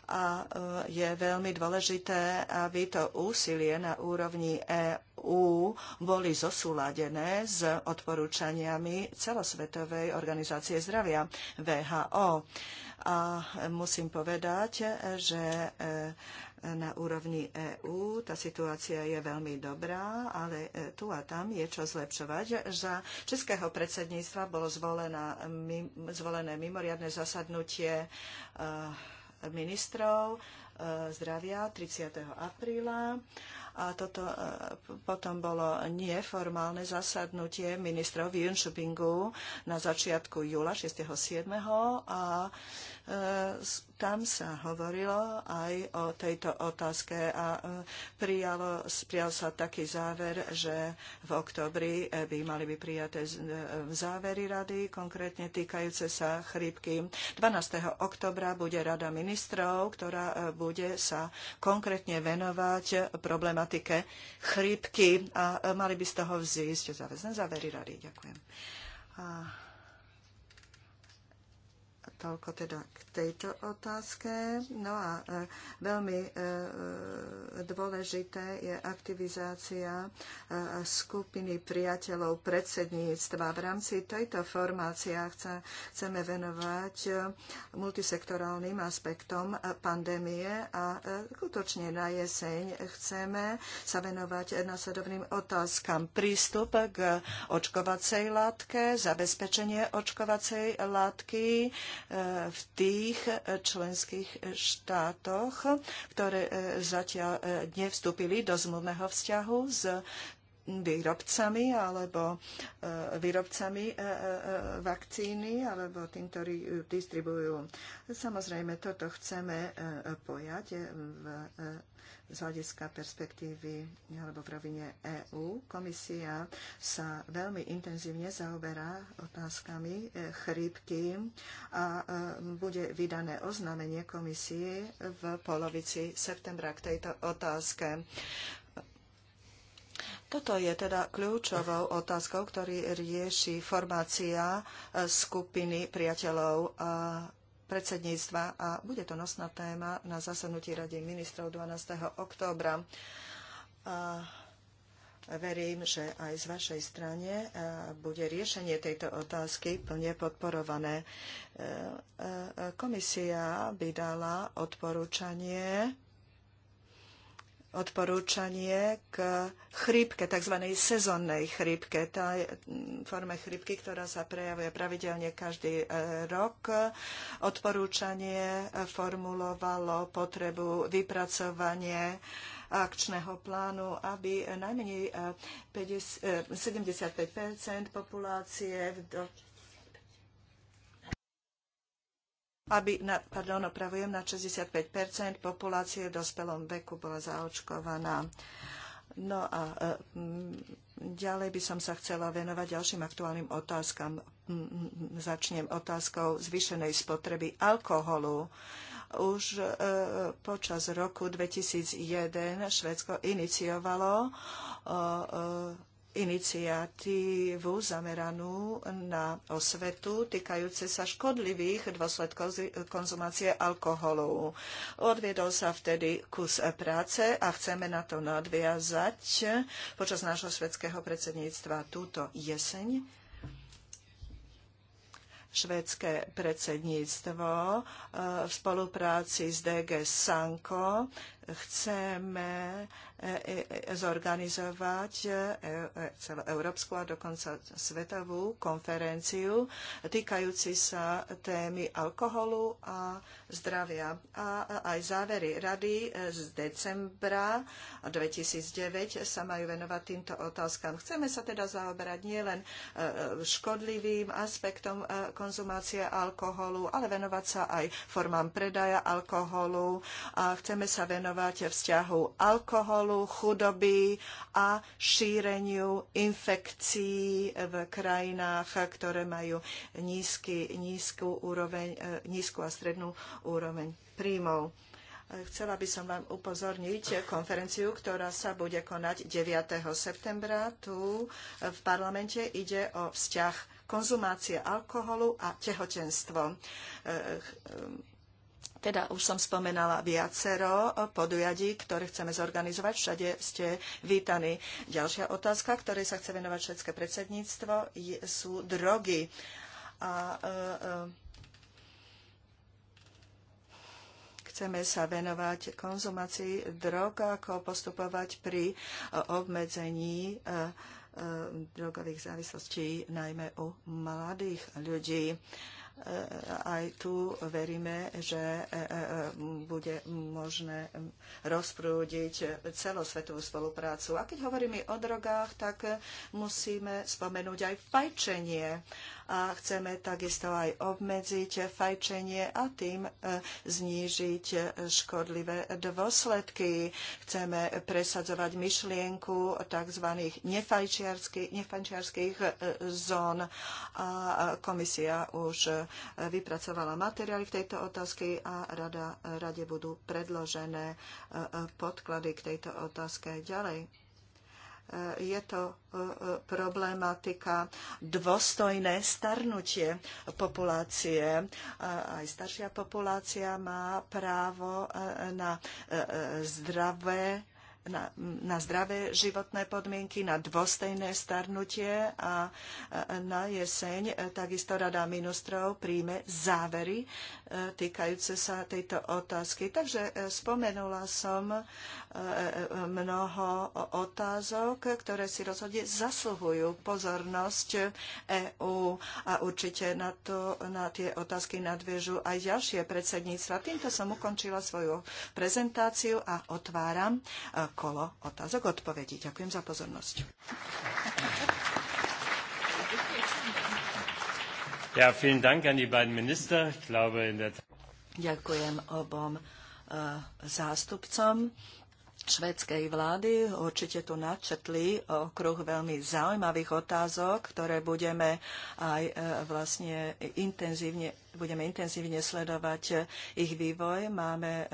a e, je veľmi dôležité, aby to úsilie na úrovni EÚ boli zosúladené s odporúčaniami celosvetovej organizácie zdravia VHO. A musím povedať, že e, na úrovni EÚ. Tá situácia je veľmi dobrá, ale e, tu a tam je čo zlepšovať. Za českého predsedníctva bolo zvolené mimoriadne zasadnutie uh, ministrov e, zdravia 30. apríla a toto e, potom bolo neformálne zasadnutie ministrov v Jönšupingu na začiatku júla 6.7. a e, tam sa hovorilo aj o tejto otázke a e, prijalo, prijal sa taký záver, že v oktobri by mali byť prijaté závery rady, konkrétne týkajúce sa chrípky. 12. oktobra bude rada ministrov, ktorá bude sa konkrétne venovať problematiky problematike chrípky a e, mali by z toho vzísť záväzné závery rady. Ďakujem. A Toľko teda k tejto otázke. No a e, veľmi e, e, dôležité je aktivizácia skupiny priateľov predsedníctva. V rámci tejto formácie chceme venovať multisektorálnym aspektom pandémie a skutočne na jeseň chceme sa venovať následovným otázkam. Prístup k očkovacej látke, zabezpečenie očkovacej látky, v tých členských štátoch, ktoré e, zatiaľ e, nevstúpili do zmluvného vzťahu s výrobcami alebo e, výrobcami e, e, vakcíny alebo tým, ktorí ju distribujú. Samozrejme, toto chceme pojať v, z hľadiska perspektívy alebo v rovine EÚ. Komisia sa veľmi intenzívne zaoberá otázkami chrípky a bude vydané oznámenie komisie v polovici septembra k tejto otázke. Toto je teda kľúčovou otázkou, ktorý rieši formácia e, skupiny priateľov predsedníctva a bude to nosná téma na zasadnutí Rady ministrov 12. októbra. A verím, že aj z vašej strane e, bude riešenie tejto otázky plne podporované. E, komisia by dala odporúčanie odporúčanie k chrípke, tzv. sezónnej chrípke, tá forme chrípky, ktorá sa prejavuje pravidelne každý e, rok. Odporúčanie formulovalo potrebu vypracovanie akčného plánu, aby najmenej 50, e, 75 e, populácie v aby, na, pardon, opravujem, na 65 populácie v dospelom veku bola zaočkovaná. No a e, ďalej by som sa chcela venovať ďalším aktuálnym otázkam. Začnem otázkou zvýšenej spotreby alkoholu. Už e, počas roku 2001 Švedsko iniciovalo iniciatívu zameranú na osvetu týkajúce sa škodlivých dôsledkov konzumácie alkoholu. Odviedol sa vtedy kus práce a chceme na to nadviazať počas nášho švedského predsedníctva túto jeseň. Švedské predsedníctvo eh, v spolupráci s DG Sanko chceme e, e, e, zorganizovať celoeurópsku a dokonca svetovú konferenciu týkajúci sa témy alkoholu a zdravia. A aj závery rady z decembra 2009 sa majú venovať týmto otázkam. Chceme sa teda zaoberať nielen škodlivým aspektom konzumácie alkoholu, ale venovať sa aj formám predaja alkoholu a chceme sa venovať venovať vzťahu alkoholu, chudoby a šíreniu infekcií v krajinách, ktoré majú nízky, nízku, úroveň, e, nízku a strednú úroveň príjmov. E, chcela by som vám upozorniť konferenciu, ktorá sa bude konať 9. septembra tu v parlamente. Ide o vzťah konzumácie alkoholu a tehotenstvo e, teda už som spomenala viacero eh, podujadí, ktoré chceme zorganizovať. Všade ste vítaní. Ďalšia otázka, ktorej sa chce venovať švedské predsedníctvo, sú drogy. A, e, chceme sa venovať konzumácii drog, ako postupovať pri obmedzení drogových závislostí, najmä u mladých ľudí. E, aj tu veríme, že e, e, bude možné rozprúdiť celosvetovú spoluprácu. A keď hovoríme o drogách, tak musíme spomenúť aj fajčenie a chceme takisto aj obmedziť fajčenie a tým e, znížiť škodlivé dôsledky. Chceme presadzovať myšlienku tzv. nefajčiarských e, zón a e, komisia už vypracovala materiály v tejto otázke a rada, rade budú predložené podklady k tejto otázke ďalej E, je to e, e, problematika dôstojné starnutie populácie. Aj staršia populácia má právo na zdravé na, na zdravé životné podmienky, na dôstojné starnutie a na jeseň e, takisto Rada ministrov príjme závery e, týkajúce sa tejto otázky. Takže e, spomenula som mnoho otázok, ktoré si rozhodne zasluhujú pozornosť EÚ a určite na, to, na tie otázky nadviežu aj ďalšie predsedníctva. Týmto som ukončila svoju prezentáciu a otváram kolo otázok odpovedí. Ďakujem za pozornosť. Ja, vielen Dank an die beiden Minister. Ich glaube, in der Ďakujem obom eh, zástupcom švedskej vlády. Určite tu načetli okruh veľmi zaujímavých otázok, ktoré budeme aj eh, vlastne intenzívne, budeme intenzívne sledovať eh, ich vývoj. Máme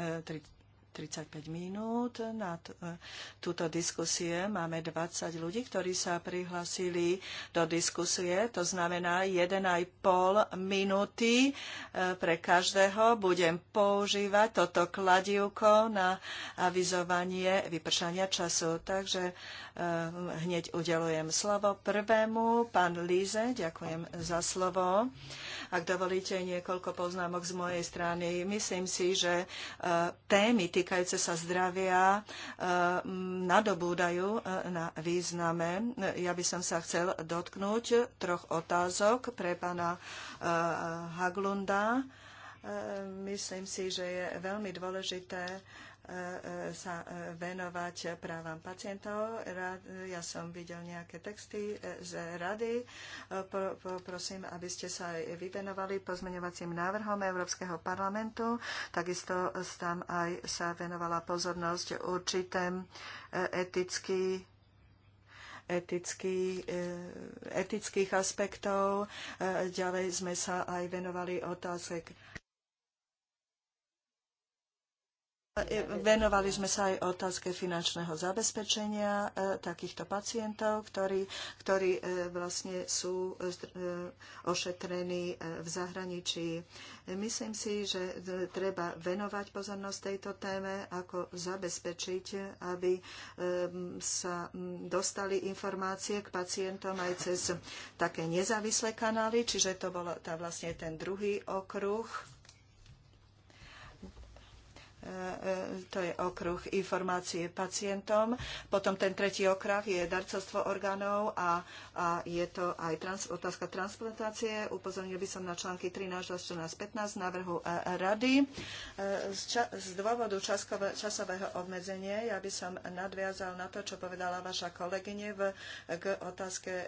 35 minút na e, túto diskusie. Máme 20 ľudí, ktorí sa prihlasili do diskusie. To znamená 1,5 minúty e, pre každého. Budem používať toto kladivko na avizovanie vypršania času. Takže Eh, hneď udelujem slovo prvému. Pán Líze, ďakujem za slovo. Ak dovolíte niekoľko poznámok z mojej strany, myslím si, že eh, témy týkajúce sa zdravia eh, nadobúdajú na význame. Ja by som sa chcel dotknúť troch otázok pre pána Haglunda. Ehm, myslím si, že je veľmi dôležité e, e, sa e, venovať právam pacientov. Ja som videl nejaké texty z rady. Prosím, aby ste sa aj vyvenovali pozmeňovacím návrhom Európskeho parlamentu. Takisto tam aj sa venovala pozornosť určitém etický etický, etických aspektov. Ďalej sme sa aj venovali otázek Venovali sme sa aj otázke finančného zabezpečenia e, takýchto pacientov, ktorí, ktorí e, vlastne sú e, ošetrení v zahraničí. Myslím si, že treba venovať pozornosť tejto téme, ako zabezpečiť, aby sa dostali informácie k pacientom aj cez také nezávislé kanály, čiže to bol tá vlastne ten druhý okruh to je okruh informácie pacientom. Potom ten tretí okruh je darcovstvo orgánov a, a je to aj trans, otázka transplantácie. Upozornil by som na články 13, 14, 15 návrhu e, rady. E, z, ča, z dôvodu časkové, časového obmedzenia ja by som nadviazal na to, čo povedala vaša kolegyne v, k otázke e,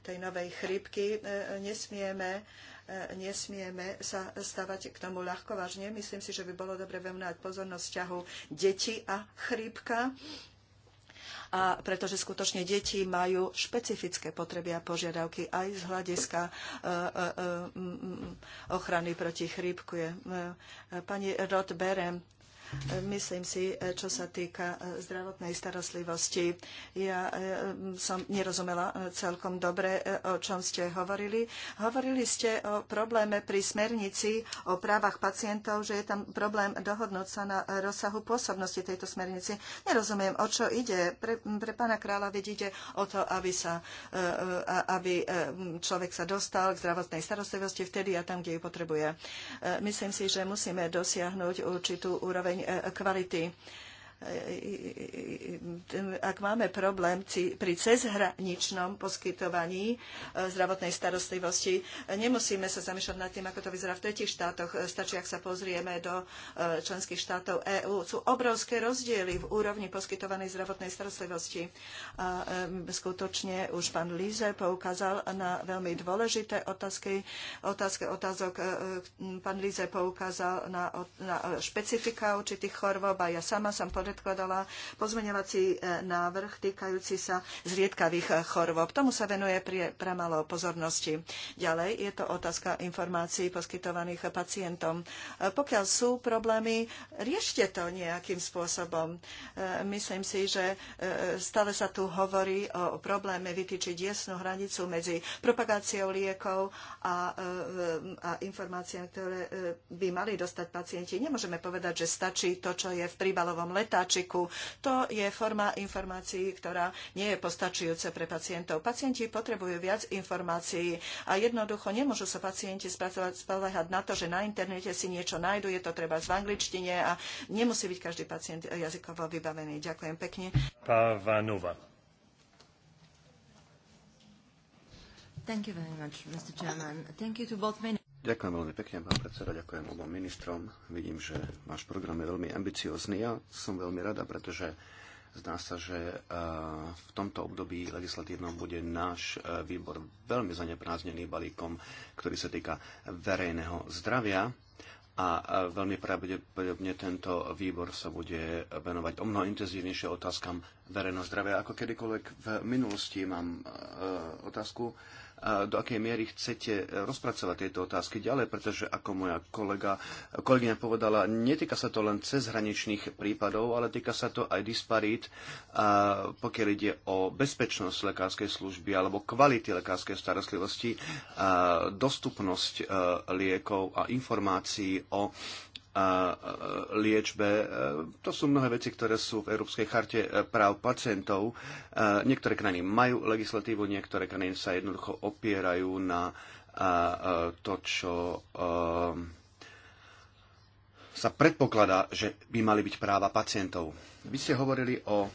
tej novej chrypky. Nesmieme E, nesmieme sa stavať k tomu ľahko vážne. Myslím si, že by bolo dobre venovať pozornosť ťahu deti a chrípka. A pretože skutočne deti majú špecifické potreby a požiadavky aj z hľadiska e, e, ochrany proti chrípku. Pani Rod Berem myslím si, e, čo sa týka e, zdravotnej starostlivosti. Ja e, som nerozumela celkom dobre, o čom ste hovorili. Hovorili ste o probléme pri smernici o právach pacientov, že je tam problém dohodnúť sa na rozsahu pôsobnosti tejto smernici. Nerozumiem, o čo ide. Pre, pre pána kráľa vidíte o to, aby, sa, aby človek sa dostal k zdravotnej starostlivosti vtedy a tam, kde ju potrebuje. Myslím si, že musíme dosiahnuť určitú úroveň E, kvality ak máme problém pri cezhraničnom poskytovaní e, zdravotnej starostlivosti, nemusíme sa zamýšľať nad tým, ako to vyzerá v tretich štátoch. E, Stačí, ak sa pozrieme do e, členských štátov EÚ. Sú obrovské rozdiely v úrovni poskytovanej zdravotnej starostlivosti. A skutočne už pán Líze poukázal na veľmi dôležité otázky. Otázky, otázok. Pán Líze poukázal na, na špecifika určitých chorôb a ja sama som pod predkladala pozmeňovací e, návrh týkajúci sa zriedkavých e, chorôb. Tomu sa venuje premalo pozornosti. Ďalej je to otázka informácií poskytovaných pacientom. E, pokiaľ sú problémy, riešte to nejakým spôsobom. Myslím si, že stále sa tu hovorí o probléme vytýčiť jasnú hranicu medzi propagáciou liekov a, a informáciami, ktoré by mali dostať pacienti. Nemôžeme povedať, že stačí to, čo je v príbalovom lete letáčiku. To je forma informácií, ktorá nie je postačujúce pre pacientov. Pacienti potrebujú viac informácií a jednoducho nemôžu sa pacienti spolehať na to, že na internete si niečo nájdu, je to treba v angličtine a nemusí byť každý pacient jazykovo vybavený. Ďakujem pekne. Pavanova. Thank you very much, Mr. Chairman. Thank you to both men. Ďakujem veľmi pekne, pán predseda, ďakujem obom ministrom. Vidím, že váš program je veľmi ambiciózny. a som veľmi rada, pretože zdá sa, že eh, v tomto období legislatívnom bude náš eh, výbor veľmi zaneprázdnený balíkom, ktorý sa týka verejného zdravia a eh, veľmi pravdepodobne tento výbor sa bude venovať o mnoho intenzívnejšie otázkam verejného zdravia ako kedykoľvek v minulosti. Mám otázku do akej miery chcete e, rozpracovať tieto otázky ďalej, pretože ako moja kolega, kolegyňa povedala, netýka sa to len cezhraničných prípadov, ale týka sa to aj disparít, pokiaľ ide o bezpečnosť lekárskej služby alebo kvality lekárskej starostlivosti, dostupnosť e, liekov a informácií o a liečbe. E, to sú mnohé veci, ktoré sú v Európskej charte e, práv pacientov. E, niektoré krajiny majú legislatívu, niektoré krajiny sa jednoducho opierajú na to, čo sa predpokladá, že by mali byť práva pacientov. Vy ste hovorili o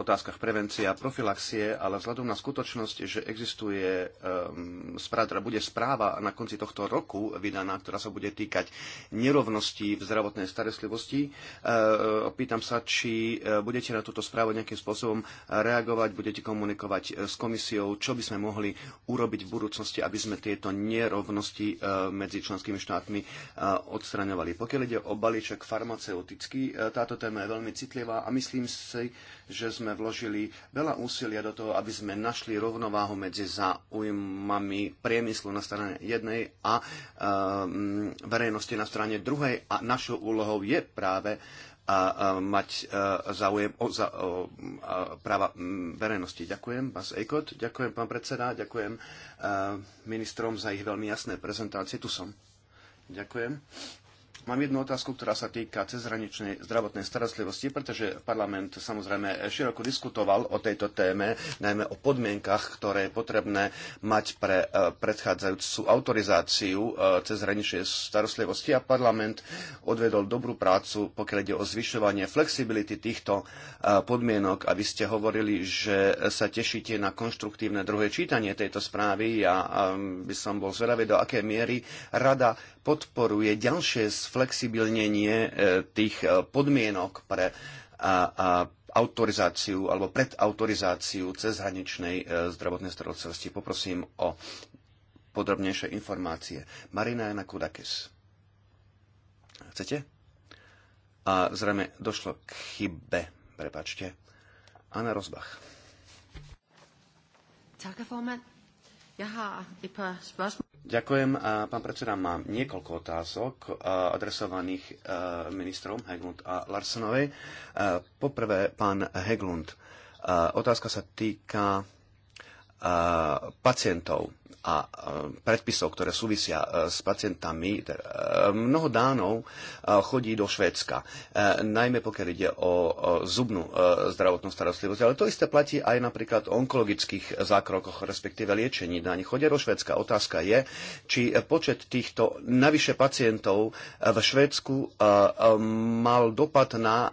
otázkach prevencie a profilaxie, ale vzhľadom na skutočnosť, že existuje um, ehm, správa, teda bude správa na konci tohto roku vydaná, ktorá sa bude týkať nerovností v zdravotnej starostlivosti. Uh, e, pýtam sa, či e, budete na túto správu nejakým spôsobom reagovať, budete komunikovať e, s komisiou, čo by sme mohli urobiť v budúcnosti, aby sme tieto nerovnosti uh, medzi členskými štátmi uh, odstraňovali. Pokiaľ ide o balíček farmaceutický, táto téma je veľmi citlivá a myslím si, že sme vložili veľa úsilia do toho, aby sme našli rovnováhu medzi záujmami priemyslu na strane jednej a um, verejnosti na strane druhej. A našou úlohou je práve a, a mať a, e, záujem o, za, o a práva verejnosti. Ďakujem, Bas Eikot, ďakujem, pán predseda, ďakujem a, e, ministrom za ich veľmi jasné prezentácie. Tu som. Ďakujem. Mám jednu otázku, ktorá sa týka cezhraničnej zdravotnej starostlivosti, pretože parlament samozrejme široko diskutoval o tejto téme, najmä o podmienkach, ktoré je potrebné mať pre e, predchádzajúcu autorizáciu e, cezhraničnej starostlivosti a parlament odvedol dobrú prácu, pokiaľ ide o zvyšovanie flexibility týchto e, podmienok a vy ste hovorili, že sa tešíte na konštruktívne druhé čítanie tejto správy. Ja by som bol zvedavý, do akej miery rada podporuje ďalšie sflexibilnenie e, tých e, podmienok pre autorizáciu alebo predautorizáciu cezhraničnej e, zdravotnej starostlivosti. Poprosím o podrobnejšie informácie. Marina Jana Kudakis. Chcete? A zrejme došlo k chybe. Prepačte. Anna Rozbach. Tak, formand. Ja har et par spørgsmål. Ďakujem. Pán predseda, mám niekoľko otázok eh, adresovaných eh, ministrom Heglund a Larsenovej. Eh, poprvé, pán Heglund, otázka sa týka pacientov a predpisov, ktoré súvisia e, s pacientami, e, mnoho dánov e, chodí do Švédska, najmä pokiaľ ide o zubnú zdravotnú starostlivosť. Ale to isté platí aj napríklad o onkologických zákrokoch, respektíve liečení dáni. Chodia do Švédska. Otázka je, či počet týchto navyše pacientov v Švédsku mal dopad na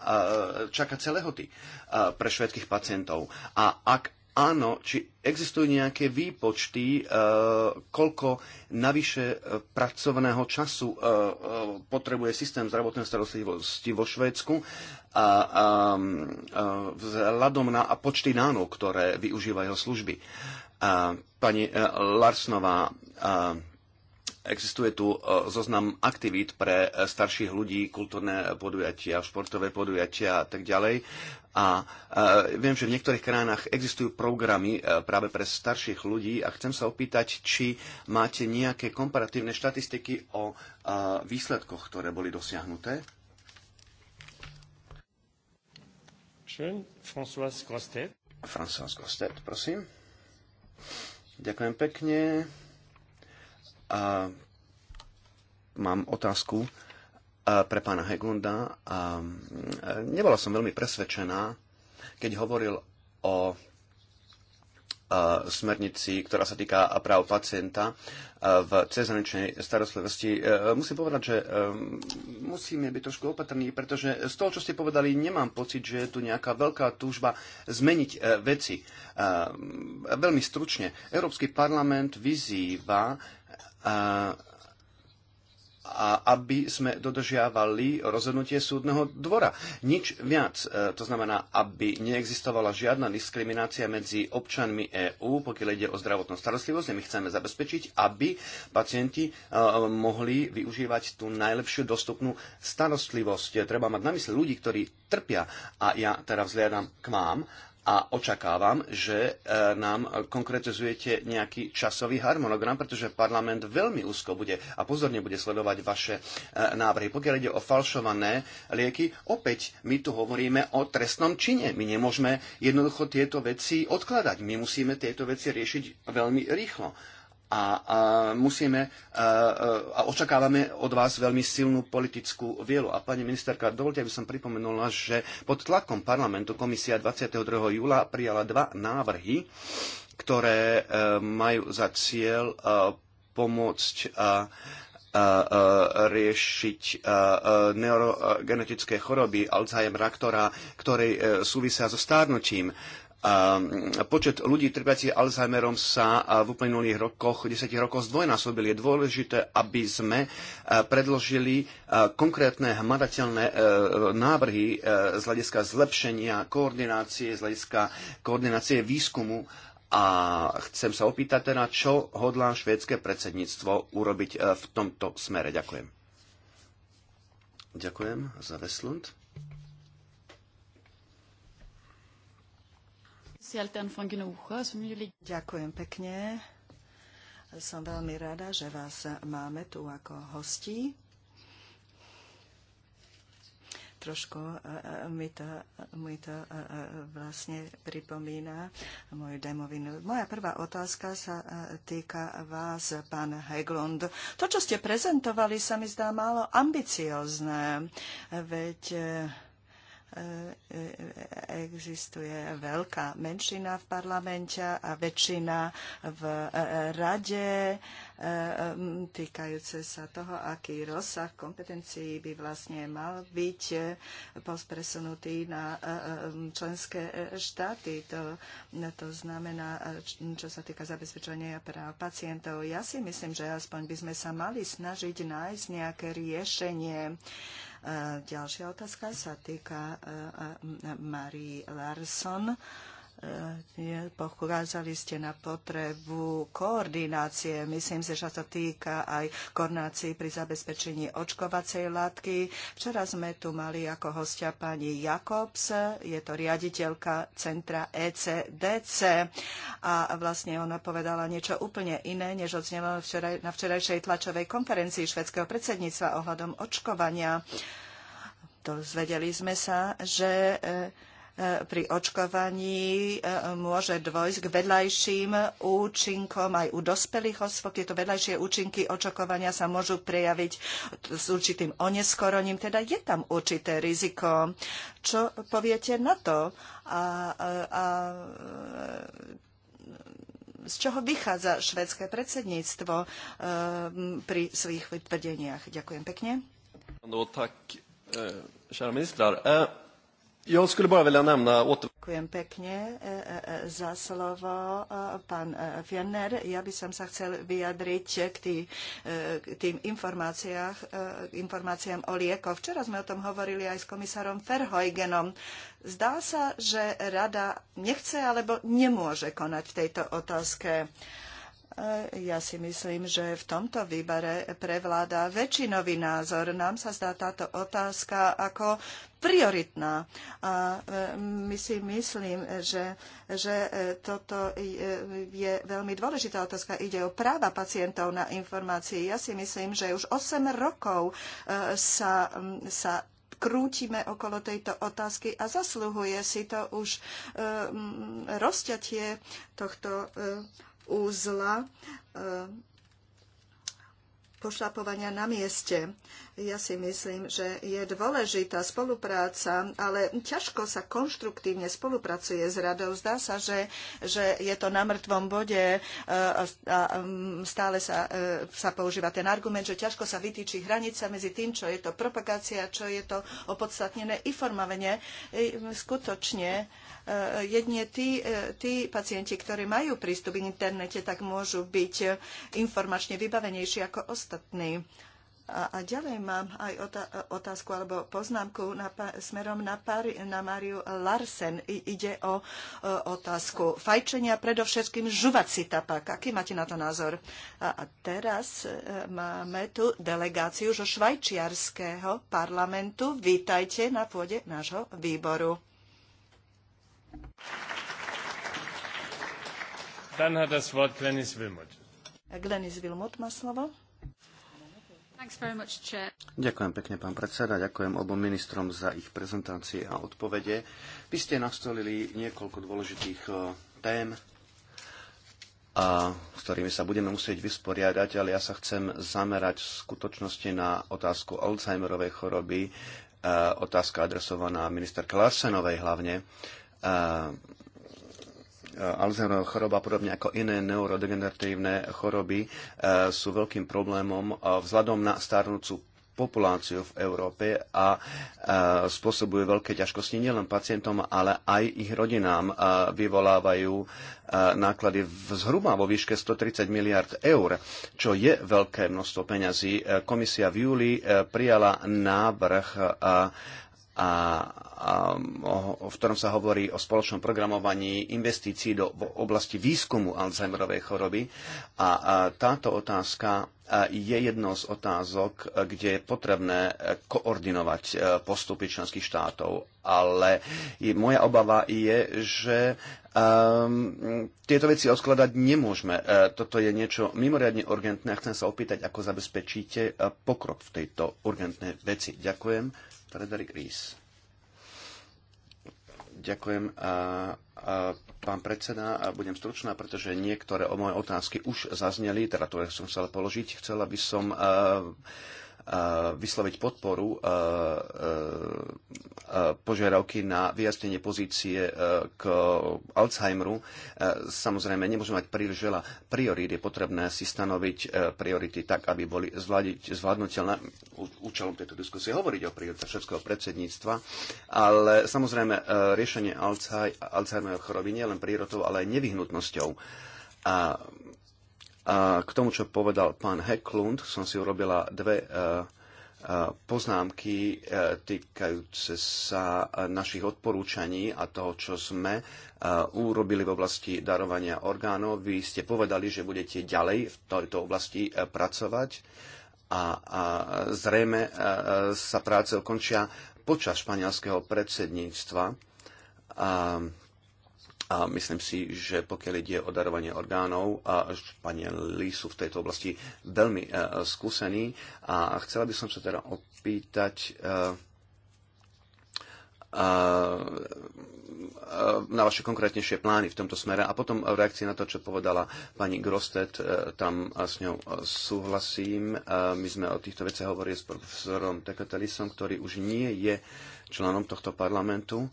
čakace lehoty pre švédskych pacientov. A ak áno, či existujú nejaké výpočty, e, koľko navyše e, pracovného času e, potrebuje systém zdravotnej starostlivosti vo Švédsku a, a, vzhľadom na počty nánov, ktoré využívajú jeho služby. A, pani Larsnová, Existuje tu zoznam aktivít pre starších ľudí, kultúrne podujatia, športové podujatia a tak ďalej. A e, viem, že v niektorých krajinách existujú programy e, práve pre starších ľudí a chcem sa opýtať, či máte nejaké komparatívne štatistiky o e, výsledkoch, ktoré boli dosiahnuté. François François Grostet, prosím. Ďakujem pekne. A mám otázku pre pána Hegunda. A e, nebola som veľmi presvedčená, keď hovoril o e, smernici, ktorá sa týka práv pacienta e, v cezhraničnej starostlivosti. Musím povedať, že musíme byť trošku opatrní, pretože z toho, čo ste povedali, nemám pocit, že je tu nejaká veľká túžba zmeniť veci. Veľmi stručne. Európsky parlament vyzýva aby sme dodržiavali rozhodnutie súdneho dvora. Nič viac. E, to znamená, aby neexistovala žiadna diskriminácia medzi občanmi EÚ, pokiaľ ide o zdravotnú starostlivosť. My chceme zabezpečiť, aby pacienti e, mohli využívať tú najlepšiu dostupnú starostlivosť. Treba mať na mysli ľudí, ktorí trpia. A ja teraz vzhľadám k vám a očakávam, že e, nám konkretizujete nejaký časový harmonogram, pretože parlament veľmi úzko bude a pozorne bude sledovať vaše e, návrhy. Pokiaľ ide o falšované lieky, opäť my tu hovoríme o trestnom čine. My nemôžeme jednoducho tieto veci odkladať. My musíme tieto veci riešiť veľmi rýchlo a, a musíme a, a očakávame od vás veľmi silnú politickú vielu. A pani ministerka, dovolte, aby som pripomenula, že pod tlakom parlamentu komisia 22. júla prijala dva návrhy, ktoré e, majú za cieľ e, pomôcť e, riešiť neurogenetické choroby Alzheimera, ktorá, ktorej súvisia so stárnutím. Ehm, počet ľudí trpiacich Alzheimerom sa e, v uplynulých rokoch, 10 rokoch zdvojnásobil. Je dôležité, aby sme e, predložili e, konkrétne hmatateľné návrhy z hľadiska zlepšenia koordinácie, z hľadiska koordinácie výskumu a chcem sa opýtať teda, čo hodlá švédske predsedníctvo urobiť v tomto smere. Ďakujem. Ďakujem za Veslund. Ďakujem pekne. Som veľmi rada, že vás máme tu ako hostí. Trošku e, e, mi to, mi to e, vlastne pripomína moju demovinu. Moja prvá otázka sa týka vás, pán Heglund. To, čo ste prezentovali, sa mi zdá málo ambiciozne. Veď E, e, existuje veľká menšina v parlamente a väčšina v e, rade týkajúce sa toho, aký rozsah kompetencií by vlastne mal byť pospresunutý na členské štáty. To, to znamená, čo sa týka zabezpečenia práv pacientov. Ja si myslím, že aspoň by sme sa mali snažiť nájsť nejaké riešenie Ďalšia otázka sa týka e, Marie Larson poukázali ste na potrebu koordinácie. Myslím si, že sa to týka aj koordinácii pri zabezpečení očkovacej látky. Včera sme tu mali ako hostia pani Jakobs, je to riaditeľka centra ECDC a vlastne ona povedala niečo úplne iné, než odznelo včeraj, na včerajšej tlačovej konferencii švedského predsedníctva ohľadom očkovania. Dozvedeli sme sa, že e, pri očkovaní e, môže dôjsť k vedľajším účinkom aj u dospelých osôb. Tieto vedľajšie účinky očakovania sa môžu prejaviť s určitým oneskorením, teda je tam určité riziko. Čo poviete na to? A, a, a z čoho vychádza švedské predsedníctvo e, pri svojich vytvrdeniach? Ďakujem pekne. No, tak, eh, ja skulle bara vilja nämna åter... Ďakujem pekne e, e, e, za slovo, pan Fienner. Ja by som sa chcel vyjadriť k, tým informáciám o liekoch. Včera sme o tom hovorili aj s komisárom Verheugenom. Zdá sa, že rada nechce alebo nemôže konať v tejto otázke. E, ja si myslím, že v tomto výbere prevláda väčšinový názor. Nám sa zdá táto otázka ako prioritná. A e, my si myslím, že, že e, toto je veľmi dôležitá otázka. Ide o práva pacientov na informácie. Ja si myslím, že už 8 rokov sa, sa krútime okolo tejto otázky a zasluhuje si to už rozťatie tohto uzla eh, pošlapovania na mieste. Ja si myslím, že je dôležitá spolupráca, ale ťažko sa konštruktívne spolupracuje s radou. Zdá sa, že, že je to na mŕtvom bode eh, a mm, stále sa, eh, sa používa ten argument, že ťažko sa vytýči hranica medzi tým, čo je to propagácia, čo je to opodstatnené informovanie. Skutočne Eh, jedne tí, eh, tí pacienti, ktorí majú prístup k internete, tak môžu byť eh, informačne vybavenejší ako ostatní. A, a ďalej mám aj otázku alebo poznámku na, smerom na, par- na Mariu Larsen. I, ide o, o otázku fajčenia, predovšetkým žuvací tapak. Aký máte na to názor? A, a teraz máme tu delegáciu zo švajčiarského parlamentu. Vítajte na pôde nášho výboru. Dann hat das Wort Glenis Wilmot. Glenis Wilmot má slovo. Much, ďakujem pekne, pán predseda. Ďakujem obom ministrom za ich prezentácie a odpovede. Vy ste nastolili niekoľko dôležitých eh, tém, a s ktorými sa budeme musieť vysporiadať, ale ja sa chcem zamerať v skutočnosti na otázku Alzheimerovej choroby, eh, otázka adresovaná minister Larsenovej hlavne. Alzheimerová choroba, podobne ako iné neurodegeneratívne choroby, e, sú veľkým problémom e, vzhľadom na starnúcu populáciu v Európe a e, spôsobuje veľké ťažkosti nielen pacientom, ale aj ich rodinám. Vyvolávajú náklady v zhruba vo výške 130 miliard eur, čo je veľké množstvo peňazí. Komisia v júli prijala návrh a, a Um, v ktorom sa hovorí o spoločnom programovaní investícií do oblasti výskumu Alzheimerovej choroby. A táto otázka je jednou z otázok, kde je potrebné e, koordinovať e, postupy členských štátov. Ale moja obava je, že um, tieto veci odkladať nemôžeme. E, toto je niečo mimoriadne urgentné a chcem sa opýtať, ako zabezpečíte pokrok v tejto urgentnej veci. Ďakujem. Frederik Ries. Ďakujem, a, a, pán predseda. A budem stručná, pretože niektoré o moje otázky už zazneli, teda ktoré som chcel položiť. Chcela by som a, Eh, vysloviť podporu eh, eh, požiadavky na vyjasnenie pozície k Alzheimeru. Samozrejme, nemôžeme mať príliš veľa priorít. Je potrebné si stanoviť priority tak, aby boli zvládiť, zvládnutelné. Účelom tejto diskusie hovoriť o prioritách všetkého predsedníctva, ale samozrejme riešenie Alzheimerovej choroby nie je len prírodou, ale aj nevyhnutnosťou. A a k tomu, čo povedal pán Heklund, som si urobila dve e, e, poznámky e, týkajúce sa našich odporúčaní a toho, čo sme urobili v oblasti darovania orgánov. Vy ste povedali, že budete ďalej v tejto oblasti pracovať a, zrejme sa práce ukončia počas španielského predsedníctva. A myslím si, že pokiaľ ide o darovanie orgánov, a pani Lí sú v tejto oblasti veľmi uh, skúsení. A chcela by som sa teda opýtať uh, uh, na vaše konkrétnejšie plány v tomto smere. A potom v reakcii na to, čo povedala pani Grostet, tam s ňou súhlasím. my sme o týchto veciach hovorili s profesorom Tekatelisom, ktorý už nie je členom tohto parlamentu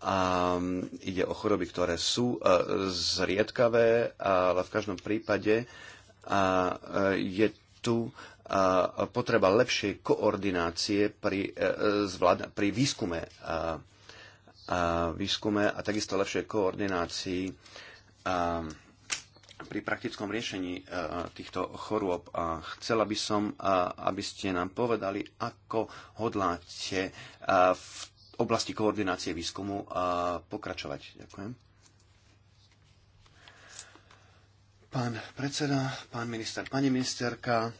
a mm, ide o choroby, ktoré sú e, zriedkavé, ale v každom prípade e, je tu e, potreba lepšej koordinácie pri, pri výskume, výskume a takisto lepšej koordinácii pri praktickom riešení týchto chorôb. A chcela by som, aby ste nám povedali, ako hodláte v oblasti koordinácie výskumu a pokračovať. Ďakujem. Pán predseda, pán minister, pani ministerka,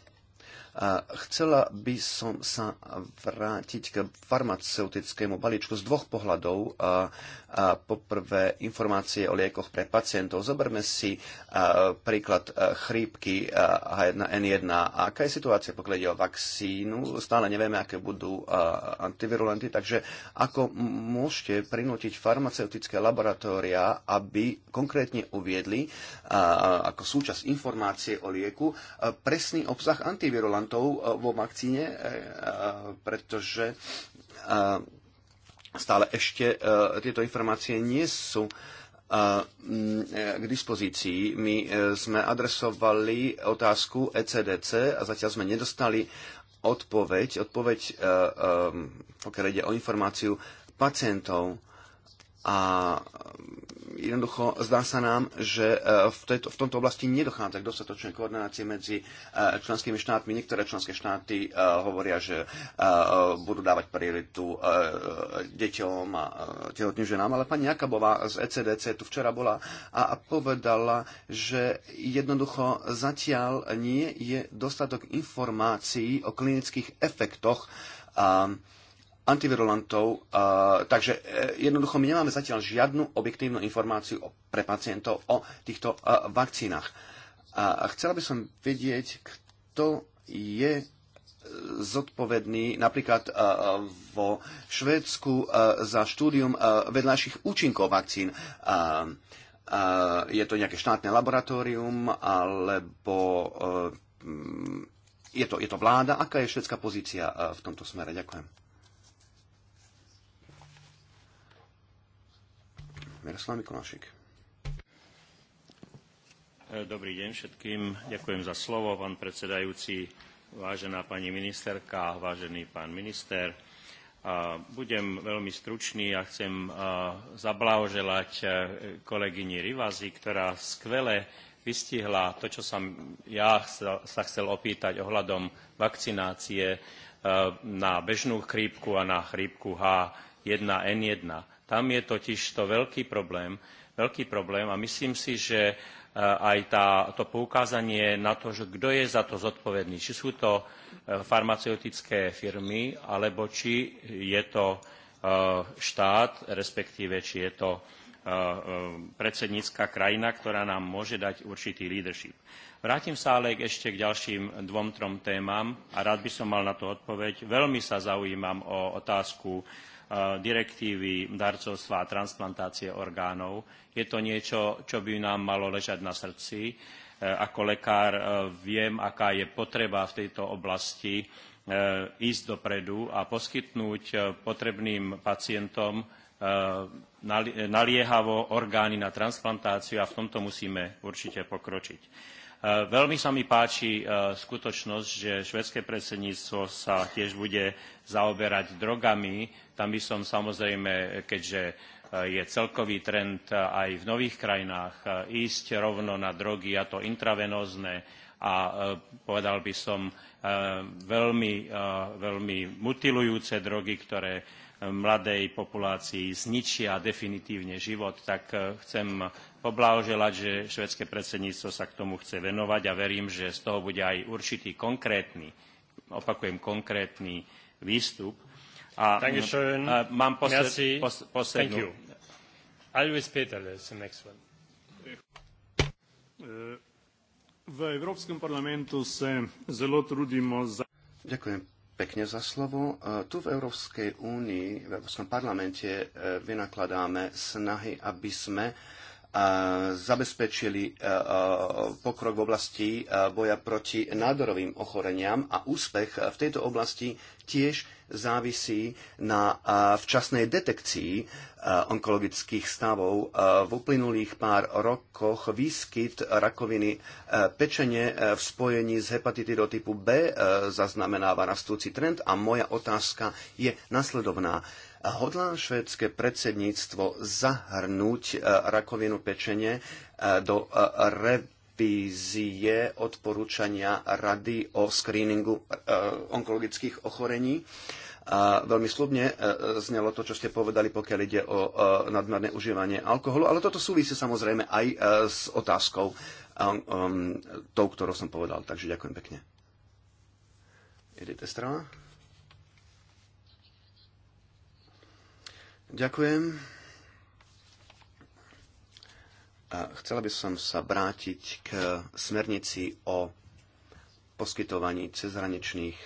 chcela by som sa vrátiť k farmaceutickému balíčku z dvoch pohľadov. Poprvé, informácie o liekoch pre pacientov. Zoberme si príklad chrípky H1N1. Aká je situácia, pokiaľ ide o vakcínu? Stále nevieme, aké budú antivirulenty, takže ako môžete prinútiť farmaceutické laboratória, aby konkrétne uviedli ako súčasť informácie o lieku presný obsah antivirulantov vo vakcíne, e, pretože stále ešte e, tieto informácie nie sú e, e, k dispozícii. My sme adresovali otázku ECDC a zatiaľ sme nedostali odpoveď. Odpoveď, pokiaľ ide o informáciu pacientov a jednoducho zdá sa nám, že e, v, tejto, v tomto oblasti nedochádza k dostatočnej koordinácii medzi e, členskými štátmi. Niektoré členské štáty e, hovoria, že budú dávať prioritu deťom a tehotným ženám, ale pani Jakabová z ECDC tu včera bola a povedala, že jednoducho zatiaľ nie je dostatok informácií o klinických efektoch antivirulantov. uh, takže e, jednoducho my nemáme zatiaľ žiadnu objektívnu informáciu o, pre pacientov o týchto uh, vakcínach. A chcela by som vedieť, kto je e, zodpovedný napríklad vo Švédsku za štúdium vedľajších účinkov vakcín. Je to nejaké štátne laboratórium alebo je to, je to vláda? Aká je švedská pozícia v tomto smere? Ďakujem. Miroslav Mikulášik. E, dobrý deň všetkým. Ďakujem za slovo, pán predsedajúci, vážená pani ministerka, vážený pán minister. E, budem veľmi stručný a chcem e, zablahoželať kolegyni Rivazi, ktorá skvele vystihla to, čo som ja sa chcel opýtať ohľadom vakcinácie na bežnú chrípku a na chrípku H1N1 tam je totižto veľký problém, veľký problém a myslím si, že e, aj tá, to poukázanie na to, že kto je za to zodpovedný. Či sú to e, farmaceutické firmy, alebo či je to e, štát, respektíve či je to predsednícka krajina, ktorá nám môže dať určitý leadership. Vrátim sa ale ešte k ďalším dvom, trom témam a rád by som mal na to odpoveď. Veľmi sa zaujímam o otázku E, direktívy darcovstva a transplantácie orgánov. Je to niečo, čo by nám malo ležať na srdci. E, ako lekár e, viem, aká je potreba v tejto oblasti ísť dopredu a poskytnúť potrebným pacientom naliehavo orgány na transplantáciu a v tomto musíme určite pokročiť Eh, veľmi sa mi páči eh, skutočnosť, že švedské predsedníctvo sa tiež bude zaoberať drogami. Tam by som samozrejme, keďže eh, je celkový trend aj v nových krajinách ísť rovno na drogy, a to intravenózne a povedal by som veľmi, veľmi mutilujúce drogy, ktoré mladej populácii zničia definitívne život, tak chcem poblahoželať, že švedské predsedníctvo sa k tomu chce venovať a verím, že z toho bude aj určitý konkrétny, opakujem, konkrétny výstup. A, a mám posled, Pos, poslednú. Thank you. Alvis the next one. Eh, v Európskom parlamentu sa zelo trudimo za... Ďakujem pekne za slovo. Eh, tu v Európskej únii, v Európskom parlamente eh, vynakladáme snahy, aby sme zabezpečili e, e, pokrok v oblasti e, boja proti nádorovým ochoreniam a úspech v tejto oblasti tiež závisí na včasnej detekcii onkologických stavov. V uplynulých pár rokoch výskyt rakoviny pečenie v spojení s hepatitidou typu B zaznamenáva rastúci trend a moja otázka je nasledovná Hodlá švédske predsedníctvo zahrnúť e, rakovinu pečenie e, do e, revízie odporúčania Rady o screeningu onkologických ochorení? A veľmi slubne znelo to, čo ste povedali, pokiaľ ide o nadmerné užívanie alkoholu, ale toto súvisí samozrejme aj s otázkou um, tou, ktorou som povedal. Takže ďakujem pekne. Edith strana? Ďakujem. A chcela by som sa vrátiť k smernici o poskytovaní cezhraničných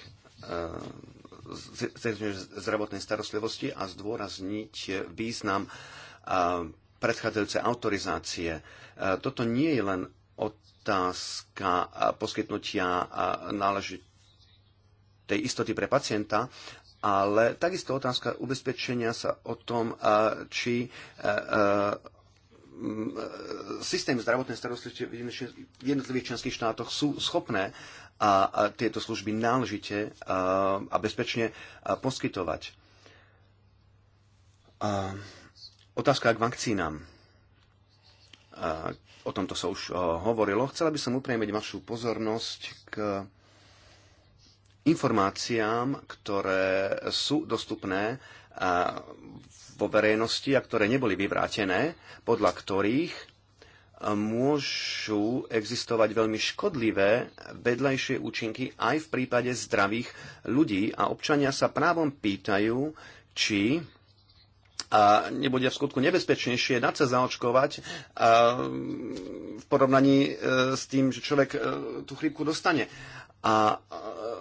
eh, zdravotnej starostlivosti a zdôrazniť význam eh, predchádzajúcej autorizácie. Eh, toto nie je len otázka poskytnutia náležitej tej istoty pre pacienta, ale takisto otázka ubezpečenia sa o tom, či systém zdravotnej starostlivosti v jednotlivých členských štátoch sú schopné a tieto služby náležite a bezpečne poskytovať. Otázka k vakcínám. O tomto sa už hovorilo. Chcela by som upriemiť vašu pozornosť k informáciám, ktoré sú dostupné vo verejnosti a ktoré neboli vyvrátené, podľa ktorých môžu existovať veľmi škodlivé vedľajšie účinky aj v prípade zdravých ľudí a občania sa právom pýtajú, či a nebude v skutku nebezpečnejšie dať sa zaočkovať a v porovnaní e, s tým, že človek e, tú chrípku dostane. A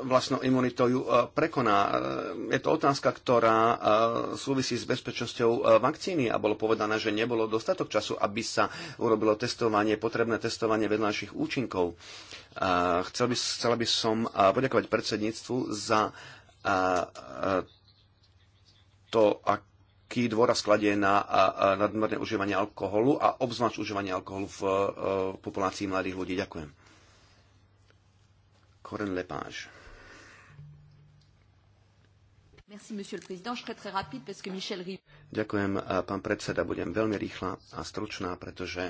vlastnou imunitou ju e, prekoná. E, je to otázka, ktorá e, súvisí s bezpečnosťou vakcíny a bolo povedané, že nebolo dostatok času, aby sa urobilo testovanie, potrebné testovanie vedľajších účinkov. Chcel by, chcela by som poďakovať predsedníctvu za to, ako aký dôraz kladie na nadmerné užívanie alkoholu a obzvlášť užívanie alkoholu v, populácii mladých ľudí. Ďakujem. Koren Lepáš. Ďakujem, pán predseda. Budem veľmi rýchla a stručná, pretože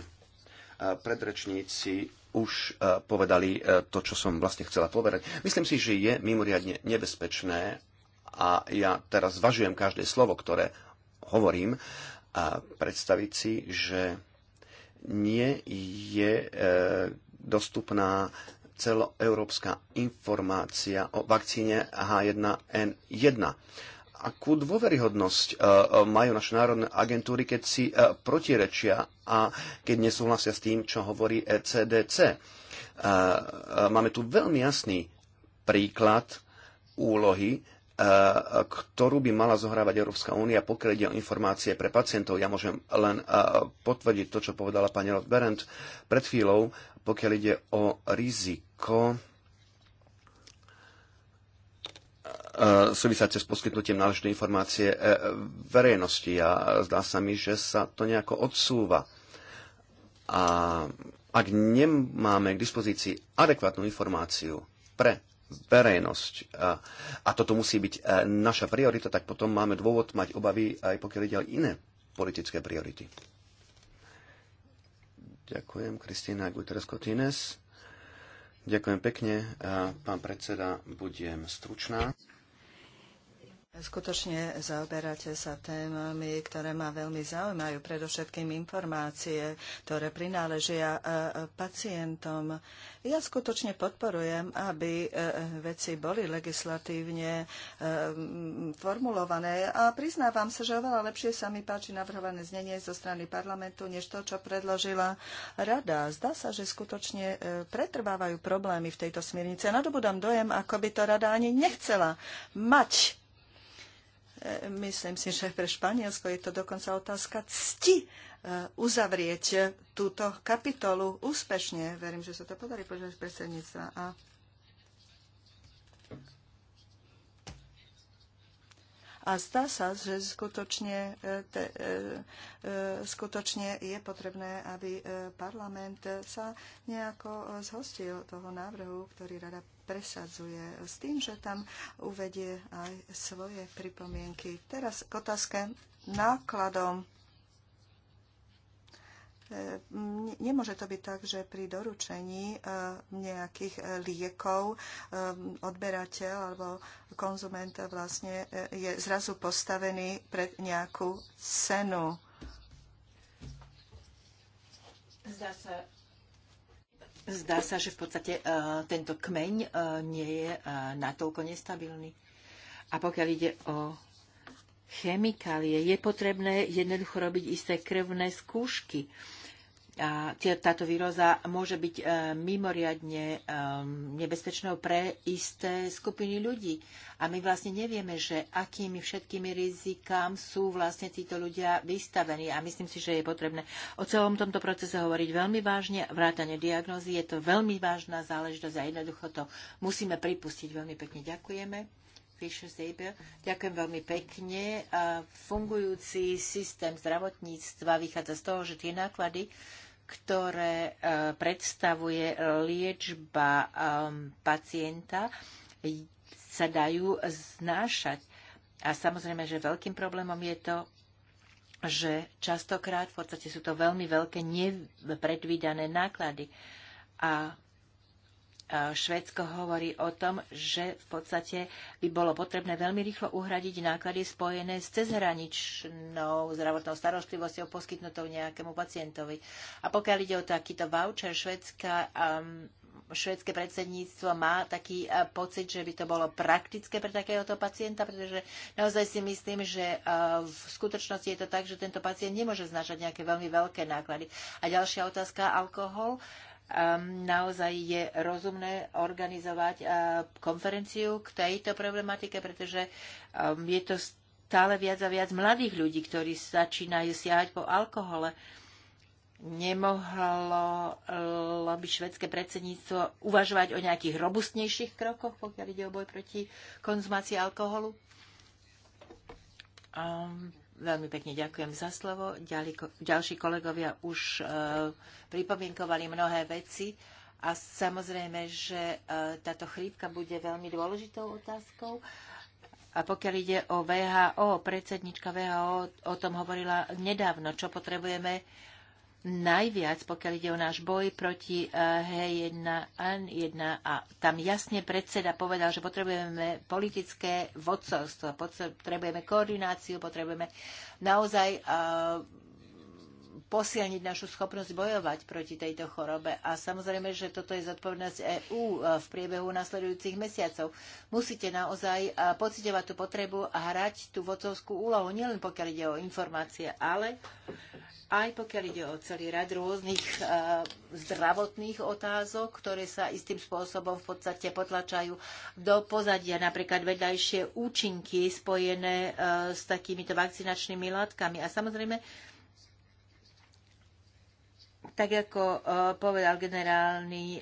predrečníci už povedali e, to, čo som vlastne chcela povedať. Myslím si, že je mimoriadne nebezpečné a ja teraz zvažujem každé slovo, ktoré hovorím, a predstaviť si, že nie je e, dostupná celoeurópska informácia o vakcíne H1N1. Akú dôveryhodnosť e, e, majú naše národné agentúry, keď si e, protirečia a keď nesúhlasia s tým, čo hovorí ECDC? Máme tu veľmi jasný príklad úlohy, ktorú by mala zohrávať Európska únia, pokiaľ ide o informácie pre pacientov. Ja môžem len potvrdiť to, čo povedala pani Roth Berendt pred chvíľou, pokiaľ ide o rizik ako e, súvisáte s poskytnutím náležitej informácie e, verejnosti a zdá sa mi, že sa to nejako odsúva. A ak nemáme k dispozícii adekvátnu informáciu pre verejnosť a, e, a toto musí byť naša priorita, tak potom máme dôvod mať obavy aj pokiaľ ide o iné politické priority. Ďakujem, Kristýna Guterres-Kotines. Ďakujem pekne. Pán predseda, budem stručná. Skutočne zaoberáte sa témami, ktoré ma veľmi zaujímajú, predovšetkým informácie, ktoré prináležia e, e, pacientom. Ja skutočne podporujem, aby e, veci boli legislatívne formulované a priznávam sa, že oveľa lepšie sa mi páči navrhované znenie zo strany parlamentu, než to, čo predložila rada. Zdá sa, že skutočne pretrvávajú problémy v tejto smernice. Nadobudám dojem, ako by to rada ani nechcela mať Myslím si, že pre Španielsko je to dokonca otázka cti e, uzavrieť túto kapitolu úspešne. Verím, že sa to podarí počas predsedníctva. A A zdá sa, že skutočne, e, te, e, skutočne je potrebné, aby parlament sa nejako zhostil toho návrhu, ktorý rada presadzuje s tým, že tam uvedie aj svoje pripomienky. Teraz k otázke nákladom e, nemôže to byť tak, že pri doručení e, nejakých e, liekov odberateľ alebo konzument vlastne je zrazu postavený pred nejakú cenu. Zdá sa, Zdá sa, že v podstate e, tento kmeň e, nie je e, natoľko nestabilný. A pokiaľ ide o chemikálie, je potrebné jednoducho robiť isté krvné skúšky táto výroza môže byť e, mimoriadne e, nebezpečnou pre isté skupiny ľudí. A my vlastne nevieme, že akými všetkými rizikám sú vlastne títo ľudia vystavení. A myslím si, že je potrebné o celom tomto procese hovoriť veľmi vážne. Vrátanie diagnózy je to veľmi vážna záležitosť a jednoducho to musíme pripustiť. Veľmi pekne ďakujeme. Ďakujem veľmi pekne. Fungujúci systém zdravotníctva vychádza z toho, že tie náklady, ktoré e, predstavuje liečba e, pacienta, sa dajú znášať. A samozrejme, že veľkým problémom je to, že častokrát v podstate sú to veľmi veľké nepredvídané náklady. A E, Švédsko hovorí o tom, že v podstate by bolo potrebné veľmi rýchlo uhradiť náklady spojené s cezhraničnou zdravotnou starostlivosťou poskytnutou nejakému pacientovi. A pokiaľ ide o takýto voucher, Švedska um, švédske predsedníctvo má taký e, pocit, že by to bolo praktické pre takéhoto pacienta, pretože naozaj si myslím, že e, v skutočnosti je to tak, že tento pacient nemôže znašať nejaké veľmi veľké náklady. A ďalšia otázka, alkohol. Uh, Ehm, naozaj je rozumné organizovať eh, konferenciu k tejto problematike, pretože ehm, je to stále viac a viac mladých ľudí, ktorí začínajú siahať po alkohole. Nemohlo eh, by švedské predsedníctvo uvažovať o nejakých robustnejších krokoch, pokiaľ ide o boj proti konzumácii alkoholu? Um, Veľmi pekne ďakujem za slovo. Ďalší kolegovia už e, pripomienkovali mnohé veci a samozrejme, že e, táto chrípka bude veľmi dôležitou otázkou. A pokiaľ ide o VHO, predsednička VHO o tom hovorila nedávno, čo potrebujeme najviac, pokiaľ ide o náš boj proti H1N1 eh, a tam jasne predseda povedal, že potrebujeme politické vodcovstvo, potrebujeme koordináciu, potrebujeme naozaj eh, posilniť našu schopnosť bojovať proti tejto chorobe. A samozrejme, že toto je zodpovednosť EÚ eh, v priebehu nasledujúcich mesiacov. Musíte naozaj pocitovať tú potrebu a hrať tú vodcovskú úlohu, nielen pokiaľ ide o informácie, ale aj pokiaľ ide o celý rad rôznych e, zdravotných otázok, ktoré sa istým spôsobom v podstate potlačajú do pozadia, napríklad vedľajšie účinky spojené e, s takýmito vakcinačnými látkami. A samozrejme, tak ako e, povedal generálny e,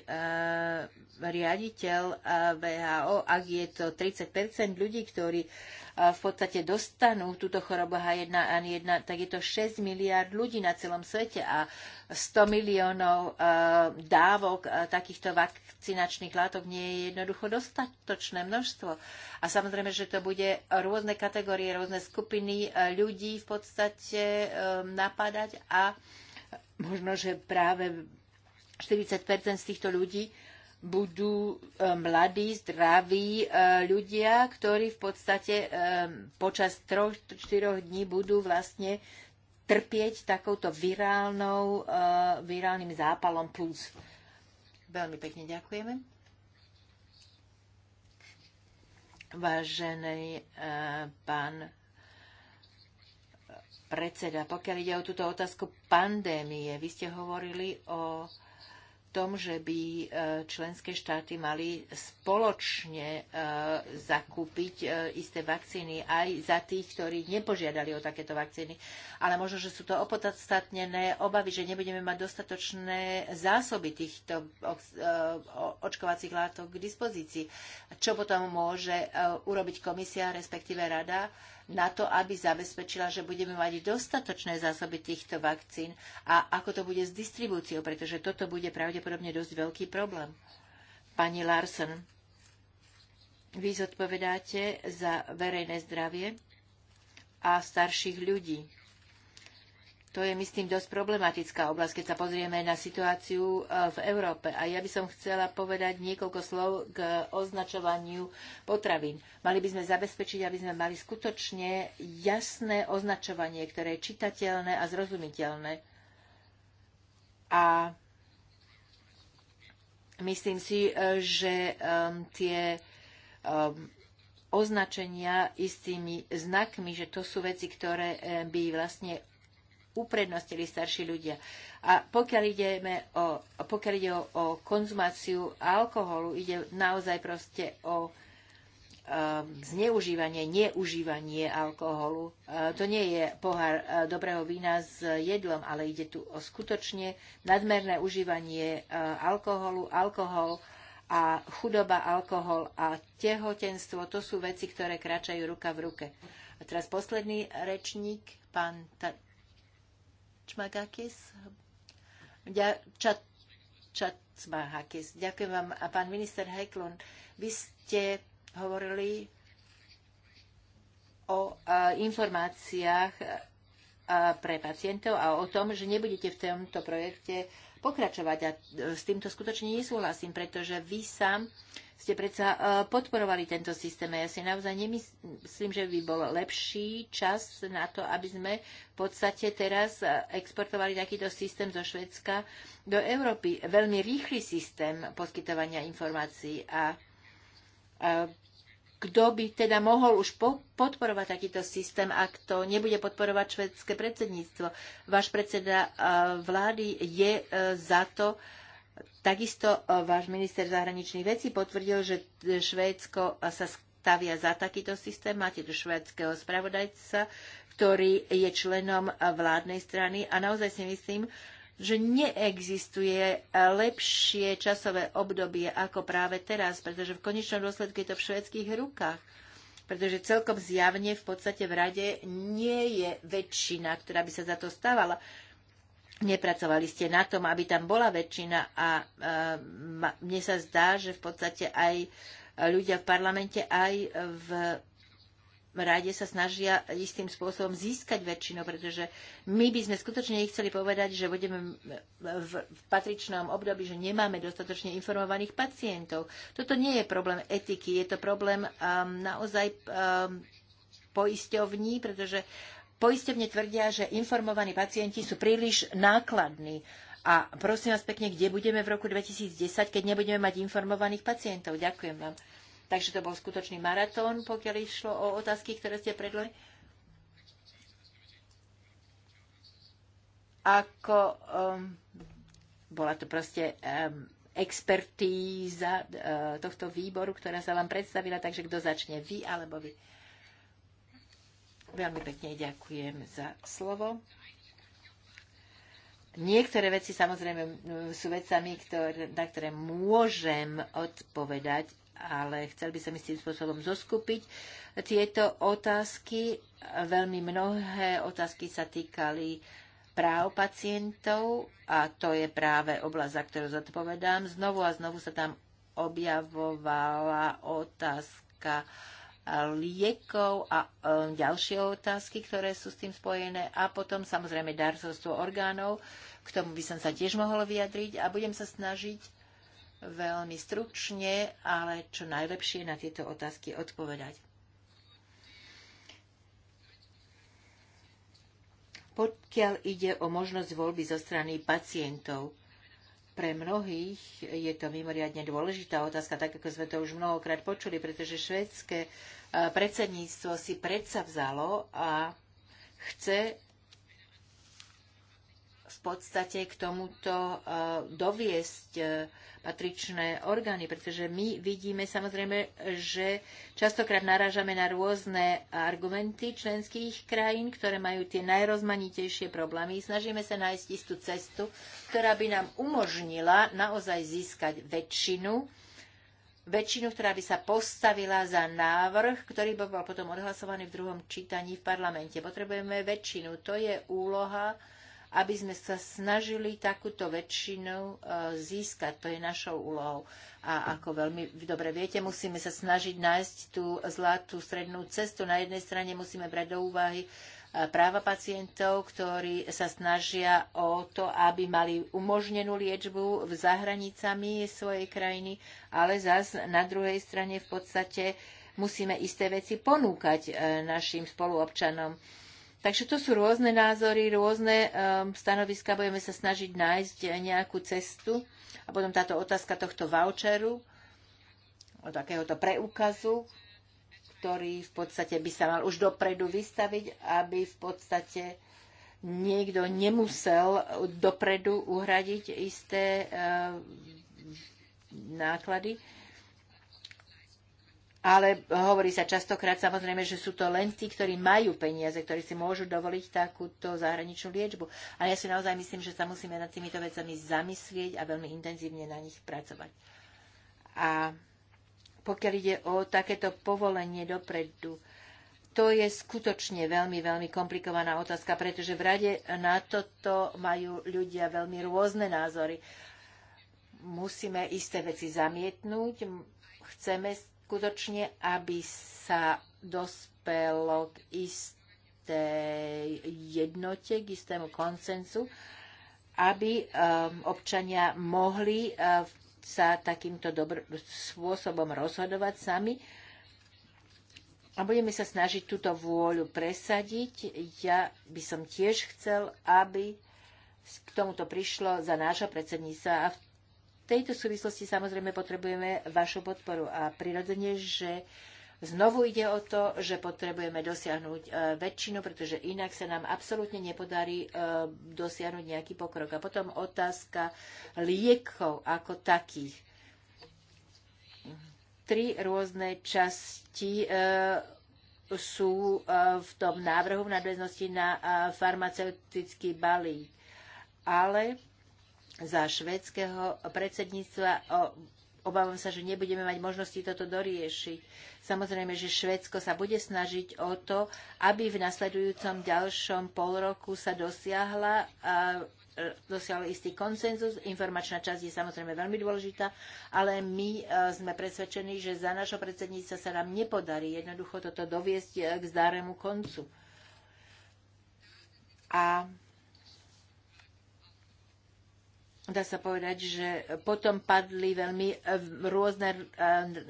riaditeľ e, VHO, ak je to 30 ľudí, ktorí v podstate dostanú túto chorobu H1N1, tak je to 6 miliard ľudí na celom svete a 100 miliónov dávok takýchto vakcinačných látok nie je jednoducho dostatočné množstvo. A samozrejme, že to bude rôzne kategórie, rôzne skupiny ľudí v podstate napadať a možno, že práve 40 z týchto ľudí budú e, mladí, zdraví e, ľudia, ktorí v podstate e, počas 3-4 dní budú vlastne trpieť takouto virálnou, virálnym zápalom plus. Veľmi pekne ďakujeme. Vážený pán predseda, pokiaľ ide o túto otázku pandémie, vy ste hovorili o tom, že by e, členské štáty mali spoločne e, zakúpiť e, isté vakcíny aj za tých, ktorí nepožiadali o takéto vakcíny. Ale možno, že sú to opodstatnené obavy, že nebudeme mať dostatočné zásoby týchto očkovacích látok k dispozícii. Čo potom môže urobiť komisia, respektíve rada? na to, aby zabezpečila, že budeme mať dostatočné zásoby týchto vakcín a ako to bude s distribúciou, pretože toto bude pravdepodobne dosť veľký problém. Pani Larson, vy zodpovedáte za verejné zdravie a starších ľudí. To je, myslím, dosť problematická oblasť, keď sa pozrieme na situáciu e, v Európe. A ja by som chcela povedať niekoľko slov k označovaniu potravín. Mali by sme zabezpečiť, aby sme mali skutočne jasné označovanie, ktoré je čitateľné a zrozumiteľné. A myslím si, e, že tie označenia istými znakmi, že to sú veci, ktoré by vlastne uprednostili starší ľudia. A pokiaľ, ideme o, pokiaľ ide o, o konzumáciu alkoholu, ide naozaj proste o um, zneužívanie, neužívanie alkoholu. E, to nie je pohár e, dobrého vína s jedlom, ale ide tu o skutočne nadmerné užívanie e, alkoholu, alkohol a chudoba, alkohol a tehotenstvo. To sú veci, ktoré kračajú ruka v ruke. A teraz posledný rečník, pán Čmakakis. Čat, Ďakujem vám. A pán minister Heklon, vy ste hovorili o a, informáciách a, pre pacientov a o tom, že nebudete v tomto projekte pokračovať. A e, s týmto skutočne nesúhlasím, pretože vy sám ste predsa e, podporovali tento systém a ja si naozaj nemyslím, že by bol lepší čas na to, aby sme v podstate teraz e, exportovali takýto systém zo Švedska do Európy. Veľmi rýchly systém poskytovania informácií a, e, kto by teda mohol už podporovať takýto systém, ak to nebude podporovať švedské predsedníctvo. Váš predseda vlády je za to, Takisto e, váš minister zahraničných vecí potvrdil, že Švédsko sa stavia za takýto systém. Máte tu švédskeho spravodajca, ktorý je členom vládnej strany a naozaj si myslím, že neexistuje lepšie časové obdobie ako práve teraz, pretože v konečnom dôsledku je to v švedských rukách. Pretože celkom zjavne v podstate v rade nie je väčšina, ktorá by sa za to stávala nepracovali ste na tom, aby tam bola väčšina a e, mne sa zdá, že v podstate aj ľudia v parlamente, aj v rade sa snažia istým spôsobom získať väčšinu, pretože my by sme skutočne nechceli povedať, že budeme v, patričnom období, že nemáme dostatočne informovaných pacientov. Toto nie je problém etiky, je to problém um, naozaj um, poisťovní, pretože Poistevne tvrdia, že informovaní pacienti sú príliš nákladní. A prosím vás pekne, kde budeme v roku 2010, keď nebudeme mať informovaných pacientov? Ďakujem vám. Takže to bol skutočný maratón, pokiaľ išlo o otázky, ktoré ste predložili. Ako um, bola to proste um, expertíza uh, tohto výboru, ktorá sa vám predstavila, takže kto začne, vy alebo vy? Uh, Veľmi pekne ďakujem za slovo. Niektoré veci samozrejme sú vecami, ktoré, na ktoré môžem odpovedať, ale chcel by som istým spôsobom zoskupiť tieto otázky. Veľmi mnohé otázky sa týkali práv pacientov a to je práve oblasť, za ktorú zodpovedám. Znovu a znovu sa tam objavovala otázka uh, liekov a e, ďalšie otázky, ktoré sú s tým spojené a potom samozrejme darcovstvo orgánov. K tomu by som sa tiež mohol vyjadriť a budem sa snažiť veľmi stručne, ale čo najlepšie na tieto otázky odpovedať. Pokiaľ ide o možnosť voľby zo strany pacientov, pre mnohých je to mimoriadne dôležitá otázka, tak ako sme to už mnohokrát počuli, pretože švédske eh, predsedníctvo si predsa vzalo a chce v podstate k tomuto e, doviesť e, patričné orgány, pretože my vidíme samozrejme, že častokrát narážame na rôzne argumenty členských krajín, ktoré majú tie najrozmanitejšie problémy. Snažíme sa nájsť istú cestu, ktorá by nám umožnila naozaj získať väčšinu, väčšinu, ktorá by sa postavila za návrh, ktorý by bol potom odhlasovaný v druhom čítaní v parlamente. Potrebujeme väčšinu. To je úloha aby sme sa snažili takúto väčšinu e, získať. To je našou úlohou. A ako veľmi dobre viete, musíme sa snažiť nájsť tú zlatú strednú cestu. Na jednej strane musíme brať do úvahy e, práva pacientov, ktorí sa snažia o to, aby mali umožnenú liečbu v zahranicami svojej krajiny, ale zas na druhej strane v podstate musíme isté veci ponúkať e, našim spoluobčanom Takže to sú rôzne názory, rôzne um, stanoviska, budeme sa snažiť nájsť nejakú cestu. A potom táto otázka tohto voucheru, o takéhoto preukazu, ktorý v podstate by sa mal už dopredu vystaviť, aby v podstate niekto nemusel dopredu uhradiť isté uh, náklady ale hovorí sa častokrát samozrejme, že sú to len tí, ktorí majú peniaze, ktorí si môžu dovoliť takúto zahraničnú liečbu. Ale ja si naozaj myslím, že sa musíme nad týmito vecami zamyslieť a veľmi intenzívne na nich pracovať. A pokiaľ ide o takéto povolenie dopredu, to je skutočne veľmi, veľmi komplikovaná otázka, pretože v rade na toto majú ľudia veľmi rôzne názory. Musíme isté veci zamietnúť, chceme skutočne, aby sa dospelo k istej jednote, k istému koncensu, aby um, občania mohli uh, sa takýmto dobr- spôsobom rozhodovať sami. A budeme sa snažiť túto vôľu presadiť. Ja by som tiež chcel, aby k tomuto prišlo za nášho predsedníctva a v v tejto súvislosti samozrejme potrebujeme vašu podporu a prirodzene, že Znovu ide o to, že potrebujeme dosiahnuť e, väčšinu, pretože inak sa nám absolútne nepodarí e, dosiahnuť nejaký pokrok. A potom otázka liekov ako takých. Tri rôzne časti e, sú v tom návrhu v nadväznosti na farmaceutický balík. Ale za švedského predsedníctva o obávam sa, že nebudeme mať možnosti toto doriešiť. Samozrejme, že Švédsko sa bude snažiť o to, aby v nasledujúcom ďalšom pol roku sa dosiahla a e, dosiahol istý konsenzus. Informačná časť je samozrejme veľmi dôležitá, ale my e, sme presvedčení, že za našho predsedníctva sa nám nepodarí jednoducho toto doviesť e, k zdárému koncu. A dá sa povedať, že potom padli veľmi eh, rôzne, eh,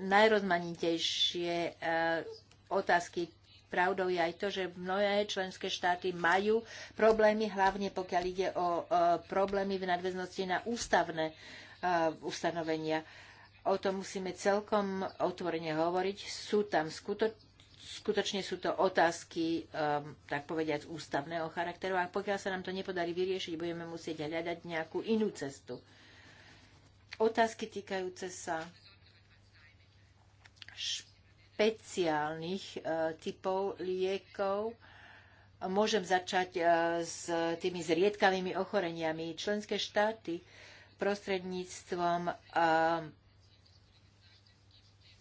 najrozmanitejšie eh, otázky. Pravdou je aj to, že mnohé členské štáty majú problémy, hlavne pokiaľ ide o problémy v nadväznosti na ústavné ustanovenia. O tom musíme celkom otvorene hovoriť. Sú tam skutočne skutočne sú to otázky, um, tak povediať, ústavného charakteru. A pokiaľ sa nám to nepodarí vyriešiť, budeme musieť hľadať nejakú inú cestu. Otázky týkajúce sa špeciálnych uh, typov liekov. Môžem začať uh, s tými zriedkavými ochoreniami. Členské štáty prostredníctvom uh,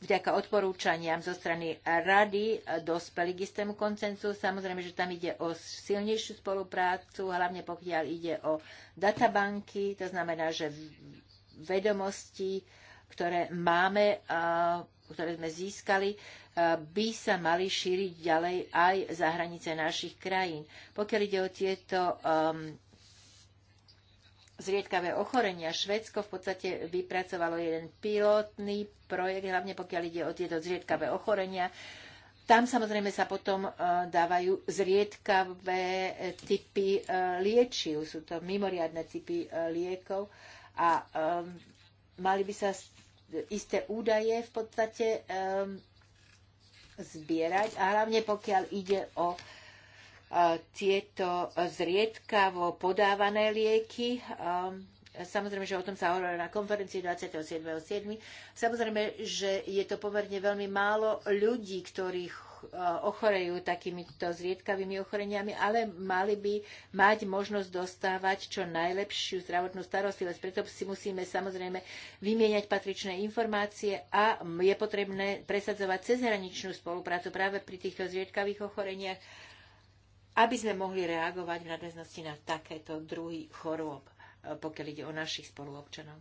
vďaka odporúčaniam zo strany rady dospeli k istému koncenzu. Samozrejme, že tam ide o silnejšiu spoluprácu, hlavne pokiaľ ide o databanky, to znamená, že vedomosti, ktoré máme, ktoré sme získali, by sa mali šíriť ďalej aj za hranice našich krajín. Pokiaľ ide o tieto um, zriedkavé ochorenia. Švedsko v podstate vypracovalo jeden pilotný projekt, hlavne pokiaľ ide o tieto zriedkavé ochorenia. Tam samozrejme sa potom e, dávajú zriedkavé e, typy e, liečiv. Sú to mimoriadne typy liekov a mali by sa isté údaje v podstate zbierať a hlavne pokiaľ ide o tieto zriedkavo podávané lieky. Ehm, samozrejme, že o tom sa hovorilo na konferencii 27.7. Samozrejme, že je to pomerne veľmi málo ľudí, ktorí eh, ochorejú takýmito zriedkavými ochoreniami, ale mali by mať možnosť dostávať čo najlepšiu zdravotnú starostlivosť. Preto si musíme samozrejme vymieňať patričné informácie a je potrebné presadzovať cezhraničnú spoluprácu práve pri týchto zriedkavých ochoreniach aby sme mohli reagovať v nadväznosti na takéto druhy chorôb, e, pokiaľ ide o našich spoluobčanov.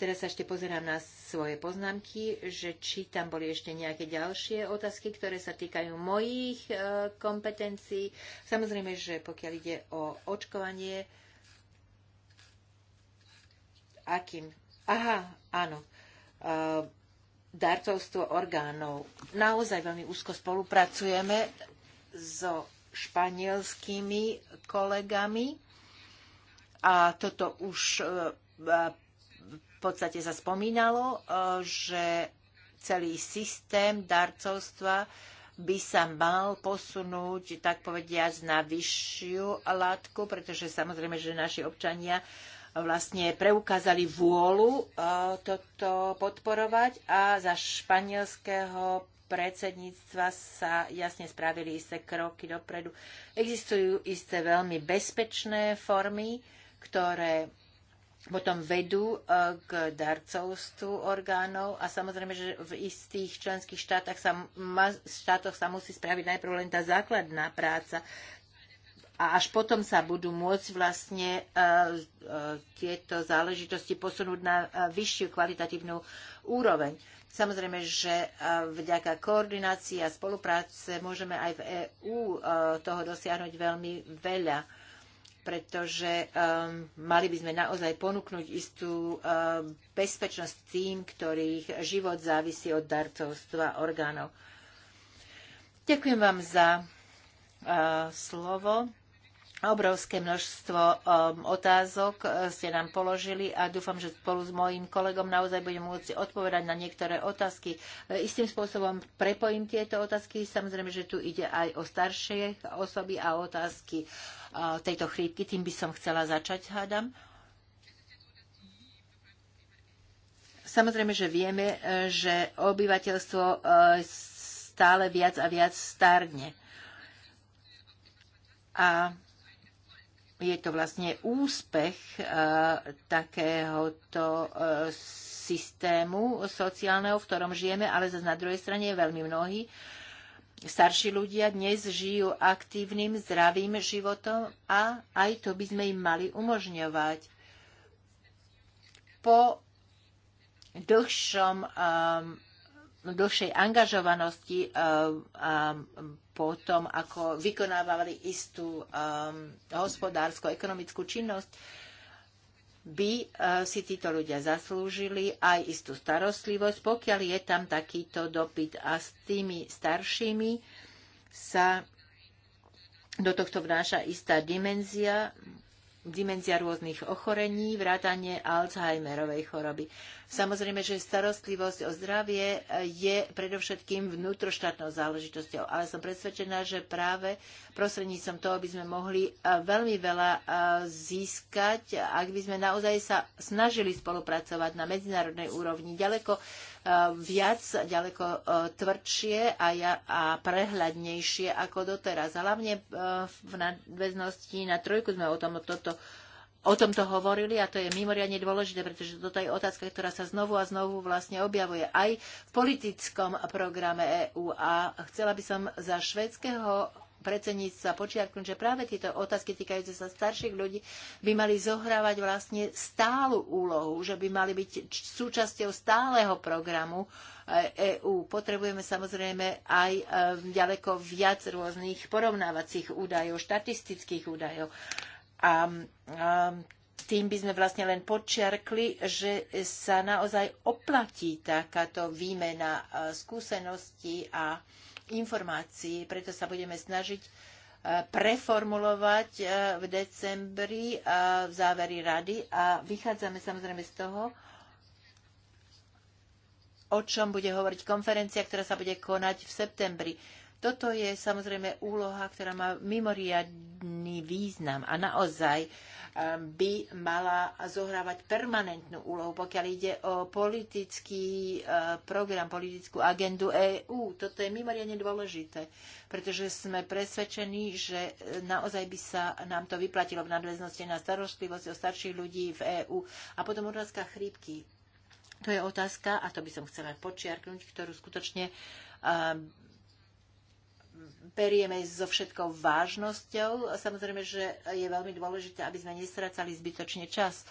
Teraz sa ešte pozerám na svoje poznámky, že či tam boli ešte nejaké ďalšie otázky, ktoré sa týkajú mojich e, kompetencií. Samozrejme, že pokiaľ ide o očkovanie, akým? Aha, áno. E, darcovstvo orgánov. Naozaj veľmi úzko spolupracujeme so španielskými kolegami a toto už e, e, v podstate sa spomínalo, e, že celý systém darcovstva by sa mal posunúť, tak povediať, na vyššiu látku, pretože samozrejme, že naši občania vlastne preukázali vôľu toto podporovať a za španielského predsedníctva sa jasne spravili isté kroky dopredu. Existujú isté veľmi bezpečné formy, ktoré potom vedú e, k darcovstvu orgánov a samozrejme, že v istých členských štátoch sa, štátoch sa musí spraviť najprv len tá základná práca a až potom sa budú môcť vlastne e, e, tieto záležitosti posunúť na vyššiu kvalitatívnu úroveň. Samozrejme, že e, vďaka koordinácii a spolupráce môžeme aj v EÚ e, toho dosiahnuť veľmi veľa, pretože e, mali by sme naozaj ponúknuť istú bezpečnosť tým, ktorých život závisí od darcovstva orgánov. Ďakujem vám za slovo. Obrovské množstvo um, otázok e, ste nám položili a dúfam, že spolu s mojim kolegom naozaj budem môcť odpovedať na niektoré otázky. E, istým spôsobom prepojím tieto otázky. Samozrejme, že tu ide aj o staršie osoby a otázky uh, tejto chrípky. Tým by som chcela začať, hádam. Samozrejme, že vieme, že obyvateľstvo stále viac a viac stárne. A je to vlastne úspech e, takéhoto e, systému sociálneho, v ktorom žijeme, ale zase na druhej strane je veľmi mnohí. Starší ľudia dnes žijú aktívnym, zdravým životom a aj to by sme im mali umožňovať. Po dlhšom um, dlhšej angažovanosti eh, a potom, ako vykonávali istú eh, hospodárskú, ekonomickú činnosť, by eh, si títo ľudia zaslúžili aj istú starostlivosť, pokiaľ je tam takýto dopyt. A s tými staršími sa do tohto vnáša istá dimenzia, dimenzia rôznych ochorení, vrátanie Alzheimerovej choroby. Samozrejme, že starostlivosť o zdravie je predovšetkým vnútroštátnou záležitosťou, ale som presvedčená, že práve prostredníctvom toho by sme mohli eh, veľmi veľa eh, získať, ak by sme naozaj sa snažili spolupracovať na medzinárodnej úrovni ďaleko Eh, viac, ďaleko eh, tvrdšie a, ja, a prehľadnejšie ako doteraz. Hlavne eh, v nadväznosti na trojku sme o tom toto O tomto hovorili a to je mimoriadne dôležité, pretože toto je otázka, ktorá sa znovu a znovu vlastne objavuje aj v politickom programe EÚ. A chcela by som za švedského predsedníctva počiarknúť, že práve tieto otázky týkajúce sa starších ľudí by mali zohrávať vlastne stálu úlohu, že by mali byť súčasťou stáleho programu EÚ. Eh, e Potrebujeme samozrejme aj eh, ďaleko viac rôznych porovnávacích údajov, štatistických údajov. A, a tým by sme vlastne len počiarkli, že sa naozaj oplatí takáto výmena eh, skúseností a informácií, preto sa budeme snažiť e, preformulovať e, v decembri v e, závery rady a vychádzame samozrejme z toho, o čom bude hovoriť konferencia, ktorá sa bude konať v septembri. Toto je samozrejme úloha, ktorá má mimoriadný význam a naozaj uh, by mala zohrávať permanentnú úlohu, pokiaľ ide o politický e, program, politickú agendu EÚ. Toto je mimoriadne dôležité, pretože sme presvedčení, že e, naozaj by sa nám to vyplatilo v nadväznosti na starostlivosť o starších ľudí v EÚ. A potom otázka chrípky. To je otázka, a to by som chcela počiarknúť, ktorú skutočne e, berieme so všetkou vážnosťou. Samozrejme, že je veľmi dôležité, aby sme nestrácali zbytočne čas,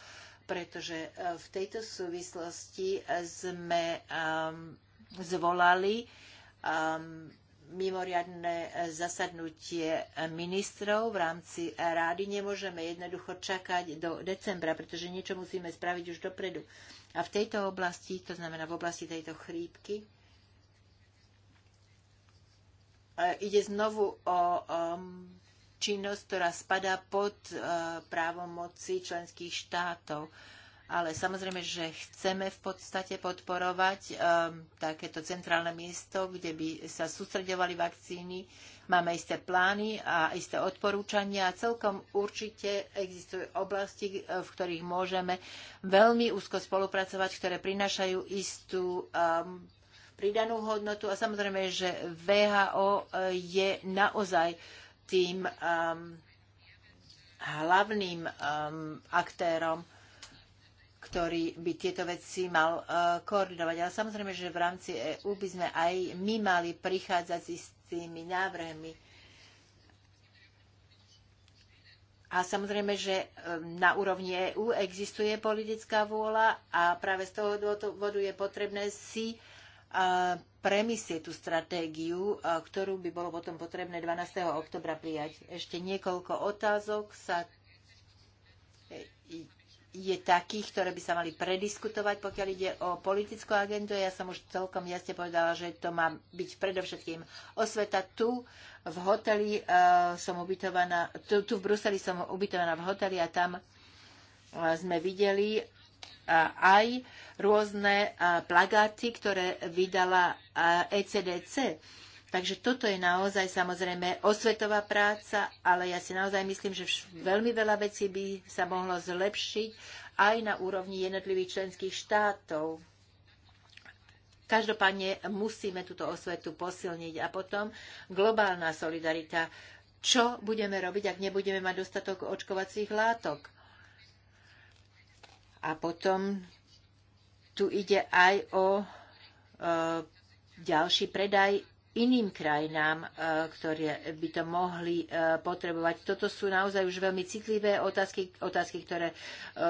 pretože e, v tejto súvislosti e, sme um, zvolali um, mimoriadne e, zasadnutie ministrov v rámci rády. Nemôžeme jednoducho čakať do decembra, pretože niečo musíme spraviť už dopredu. A v tejto oblasti, to znamená v oblasti tejto chrípky, E, ide znovu o činnosť, ktorá spadá pod e, právomoci členských štátov. Ale samozrejme, že chceme v podstate podporovať e, takéto centrálne miesto, kde by sa sústredovali vakcíny. Máme isté plány a isté odporúčania a celkom určite existujú oblasti, v ktorých môžeme veľmi úzko spolupracovať, ktoré prinášajú istú pridanú hodnotu a samozrejme, že VHO e, je naozaj tým um, hlavným um, aktérom, ktorý by tieto veci mal uh, koordinovať. Ale samozrejme, že v rámci EU by sme aj my mali prichádzať s tými návrhmi. A samozrejme, že na úrovni EÚ existuje politická vôľa a práve z toho dôvodu je potrebné si premisie, tú stratégiu, ktorú by bolo potom potrebné 12. oktobra prijať. Ešte niekoľko otázok sa e, je takých, ktoré by sa mali prediskutovať, pokiaľ ide o politickú agendu. Ja som už celkom jasne povedala, že to má byť predovšetkým osveta. Tu v hoteli uh, som ubytovaná, tu, tu v Bruseli som ubytovaná v hoteli a tam e, sme videli, aj rôzne plagáty, ktoré vydala ECDC. Takže toto je naozaj samozrejme osvetová práca, ale ja si naozaj myslím, že veľmi veľa vecí by sa mohlo zlepšiť aj na úrovni jednotlivých členských štátov. Každopádne musíme túto osvetu posilniť a potom globálna solidarita. Čo budeme robiť, ak nebudeme mať dostatok očkovacích látok? A potom tu ide aj o e, ďalší predaj iným krajinám, e, ktoré by to mohli e, potrebovať. Toto sú naozaj už veľmi citlivé otázky, otázky, ktoré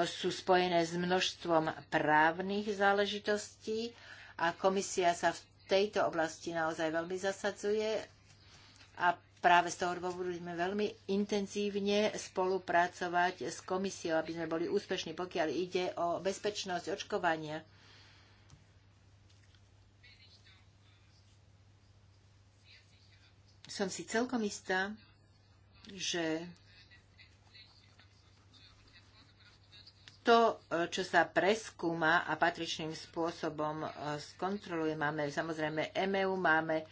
sú spojené s množstvom právnych záležitostí a komisia sa v tejto oblasti naozaj veľmi zasadzuje a práve z toho dôvodu sme veľmi intenzívne spolupracovať s komisiou, aby sme boli úspešní, pokiaľ ide o bezpečnosť očkovania. Som si celkom istá, že to, čo sa preskúma a patričným spôsobom e, skontroluje, máme samozrejme EMEU, máme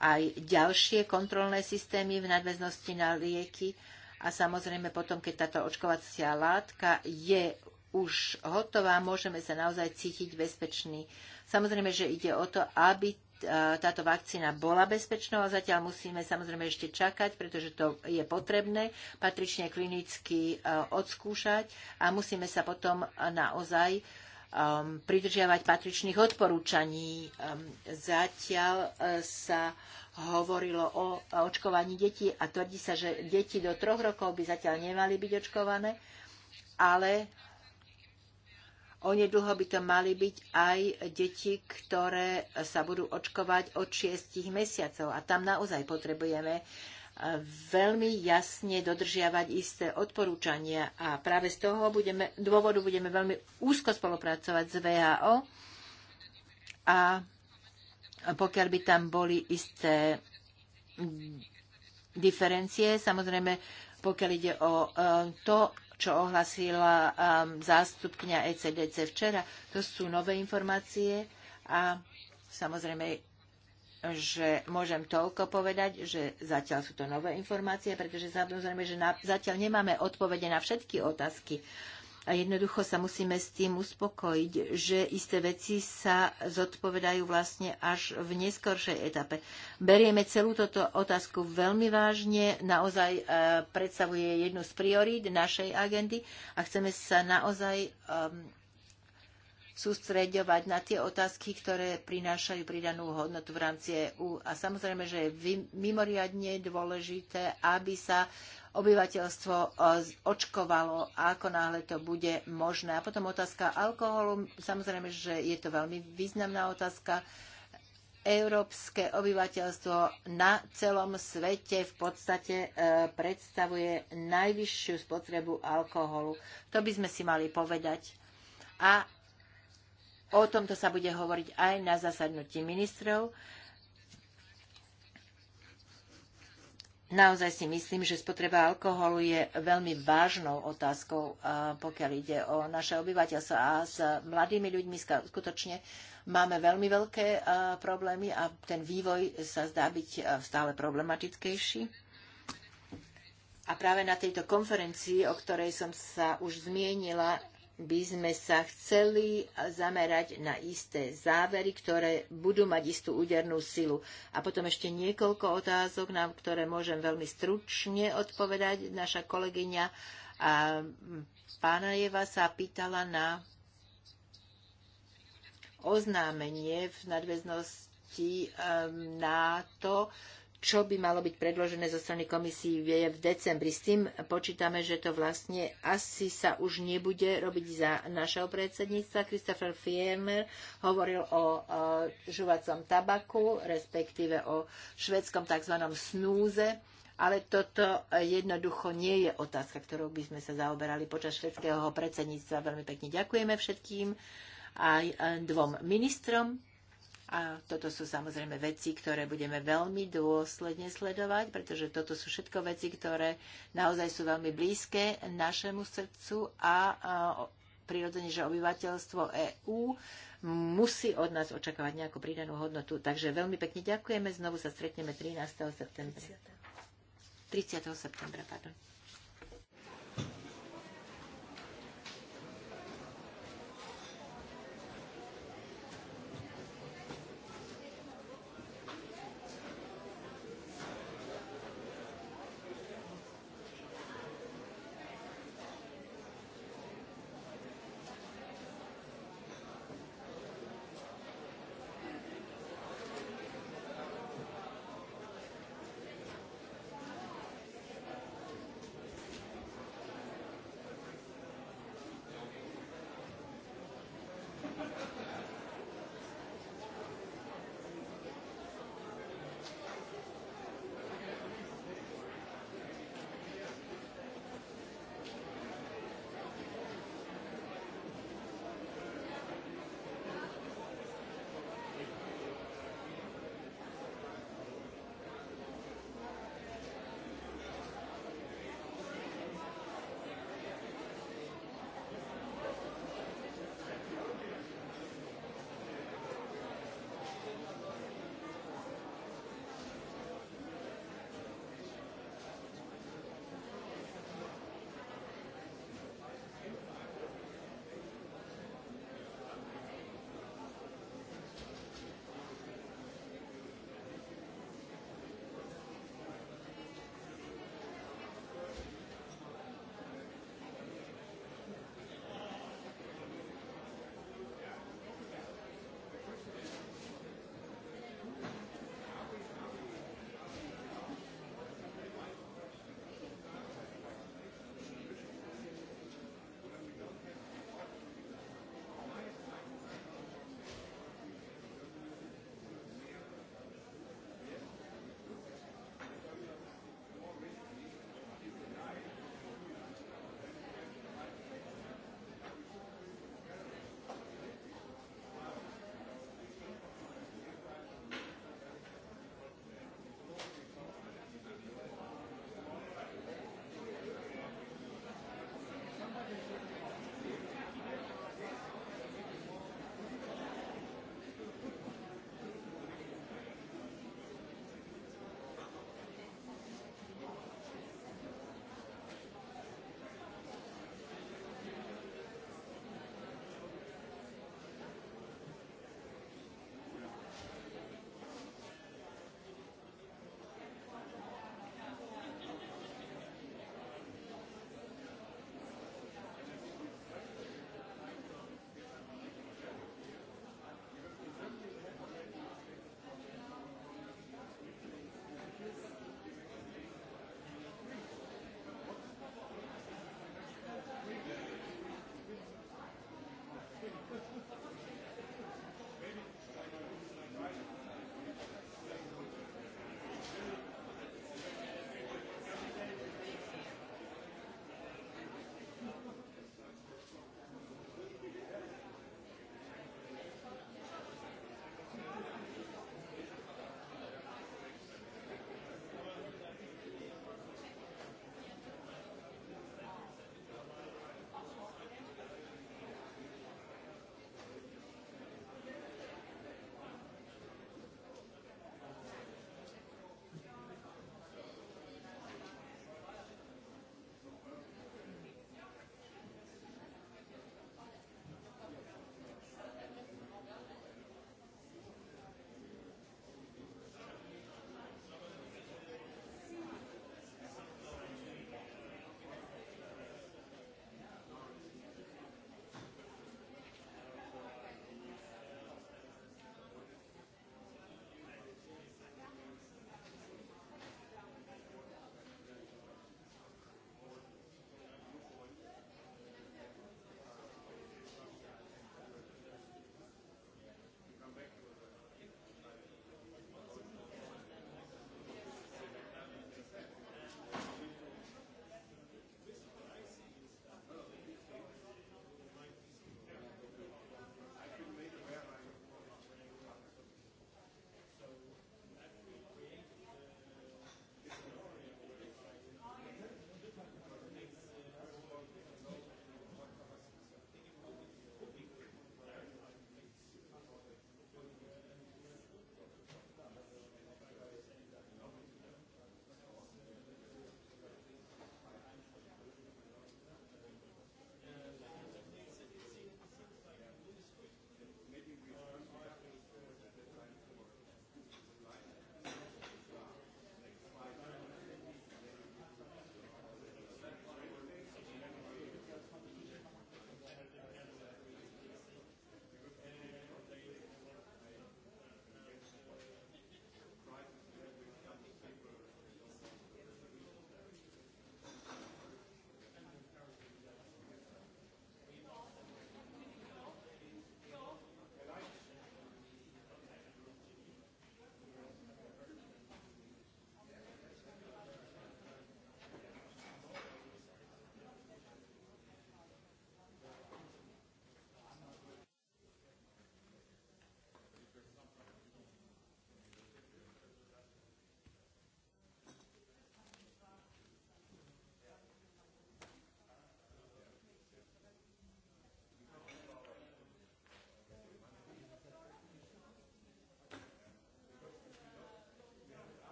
aj ďalšie kontrolné systémy v nadväznosti na lieky a samozrejme potom, keď táto očkovacia látka je už hotová, môžeme sa naozaj cítiť bezpečný. Samozrejme, že ide o to, aby e, táto vakcína bola bezpečná a zatiaľ musíme samozrejme ešte čakať, pretože to je potrebné patrične klinicky e, odskúšať a musíme sa potom naozaj uh, um, pridržiavať patričných odporúčaní. Um, zatiaľ uh, sa hovorilo o očkovaní detí a tvrdí sa, že deti do troch rokov by zatiaľ nemali byť očkované, ale onedlho by to mali byť aj deti, ktoré sa budú očkovať od 6 mesiacov. A tam naozaj potrebujeme uh, veľmi jasne dodržiavať isté odporúčania a práve z toho budeme, dôvodu budeme veľmi úzko spolupracovať s VHO a pokiaľ by tam boli isté diferencie, samozrejme, pokiaľ ide o e, to, čo ohlasila e, zástupkňa ECDC včera, to sú nové informácie a samozrejme že môžem toľko povedať, že zatiaľ sú to nové informácie, pretože samozrejme, že na, zatiaľ nemáme odpovede na všetky otázky. A jednoducho sa musíme s tým uspokojiť, že isté veci sa zodpovedajú vlastne až v neskoršej etape. Berieme celú toto otázku veľmi vážne, naozaj e, predstavuje jednu z priorít našej agendy a chceme sa naozaj e, sústreďovať na tie otázky, ktoré prinášajú pridanú hodnotu v rámci EÚ. A samozrejme, že je mimoriadne dôležité, aby sa obyvateľstvo e, očkovalo, ako náhle to bude možné. A potom otázka alkoholu. Samozrejme, že je to veľmi významná otázka. Európske obyvateľstvo na celom svete v podstate e, predstavuje najvyššiu spotrebu alkoholu. To by sme si mali povedať. A O tomto sa bude hovoriť aj na zasadnutí ministrov. Naozaj si myslím, že spotreba alkoholu je veľmi vážnou otázkou, pokiaľ ide o naše obyvateľstvo. A s mladými ľuďmi skutočne máme veľmi veľké problémy a ten vývoj sa zdá byť stále problematickejší. A práve na tejto konferencii, o ktorej som sa už zmienila, by sme sa chceli zamerať na isté závery, ktoré budú mať istú údernú silu. A potom ešte niekoľko otázok, na ktoré môžem veľmi stručne odpovedať. Naša kolegyňa a pána Jeva sa pýtala na oznámenie v nadväznosti ehm, na to, čo by malo byť predložené zo strany komisii je v decembri. S tým počítame, že to vlastne asi sa už nebude robiť za našeho predsedníctva. Christopher Fiermer hovoril o žuvacom tabaku, respektíve o švedskom tzv. snúze. Ale toto jednoducho nie je otázka, ktorou by sme sa zaoberali počas švedského predsedníctva. Veľmi pekne ďakujeme všetkým aj e, dvom ministrom a toto sú samozrejme veci, ktoré budeme veľmi dôsledne sledovať, pretože toto sú všetko veci, ktoré naozaj sú veľmi blízke našemu srdcu a, prirodzene, že obyvateľstvo EÚ musí od nás očakávať nejakú pridanú hodnotu. Takže veľmi pekne ďakujeme. Znovu sa stretneme 13. septembra. 30. septembra, pardon.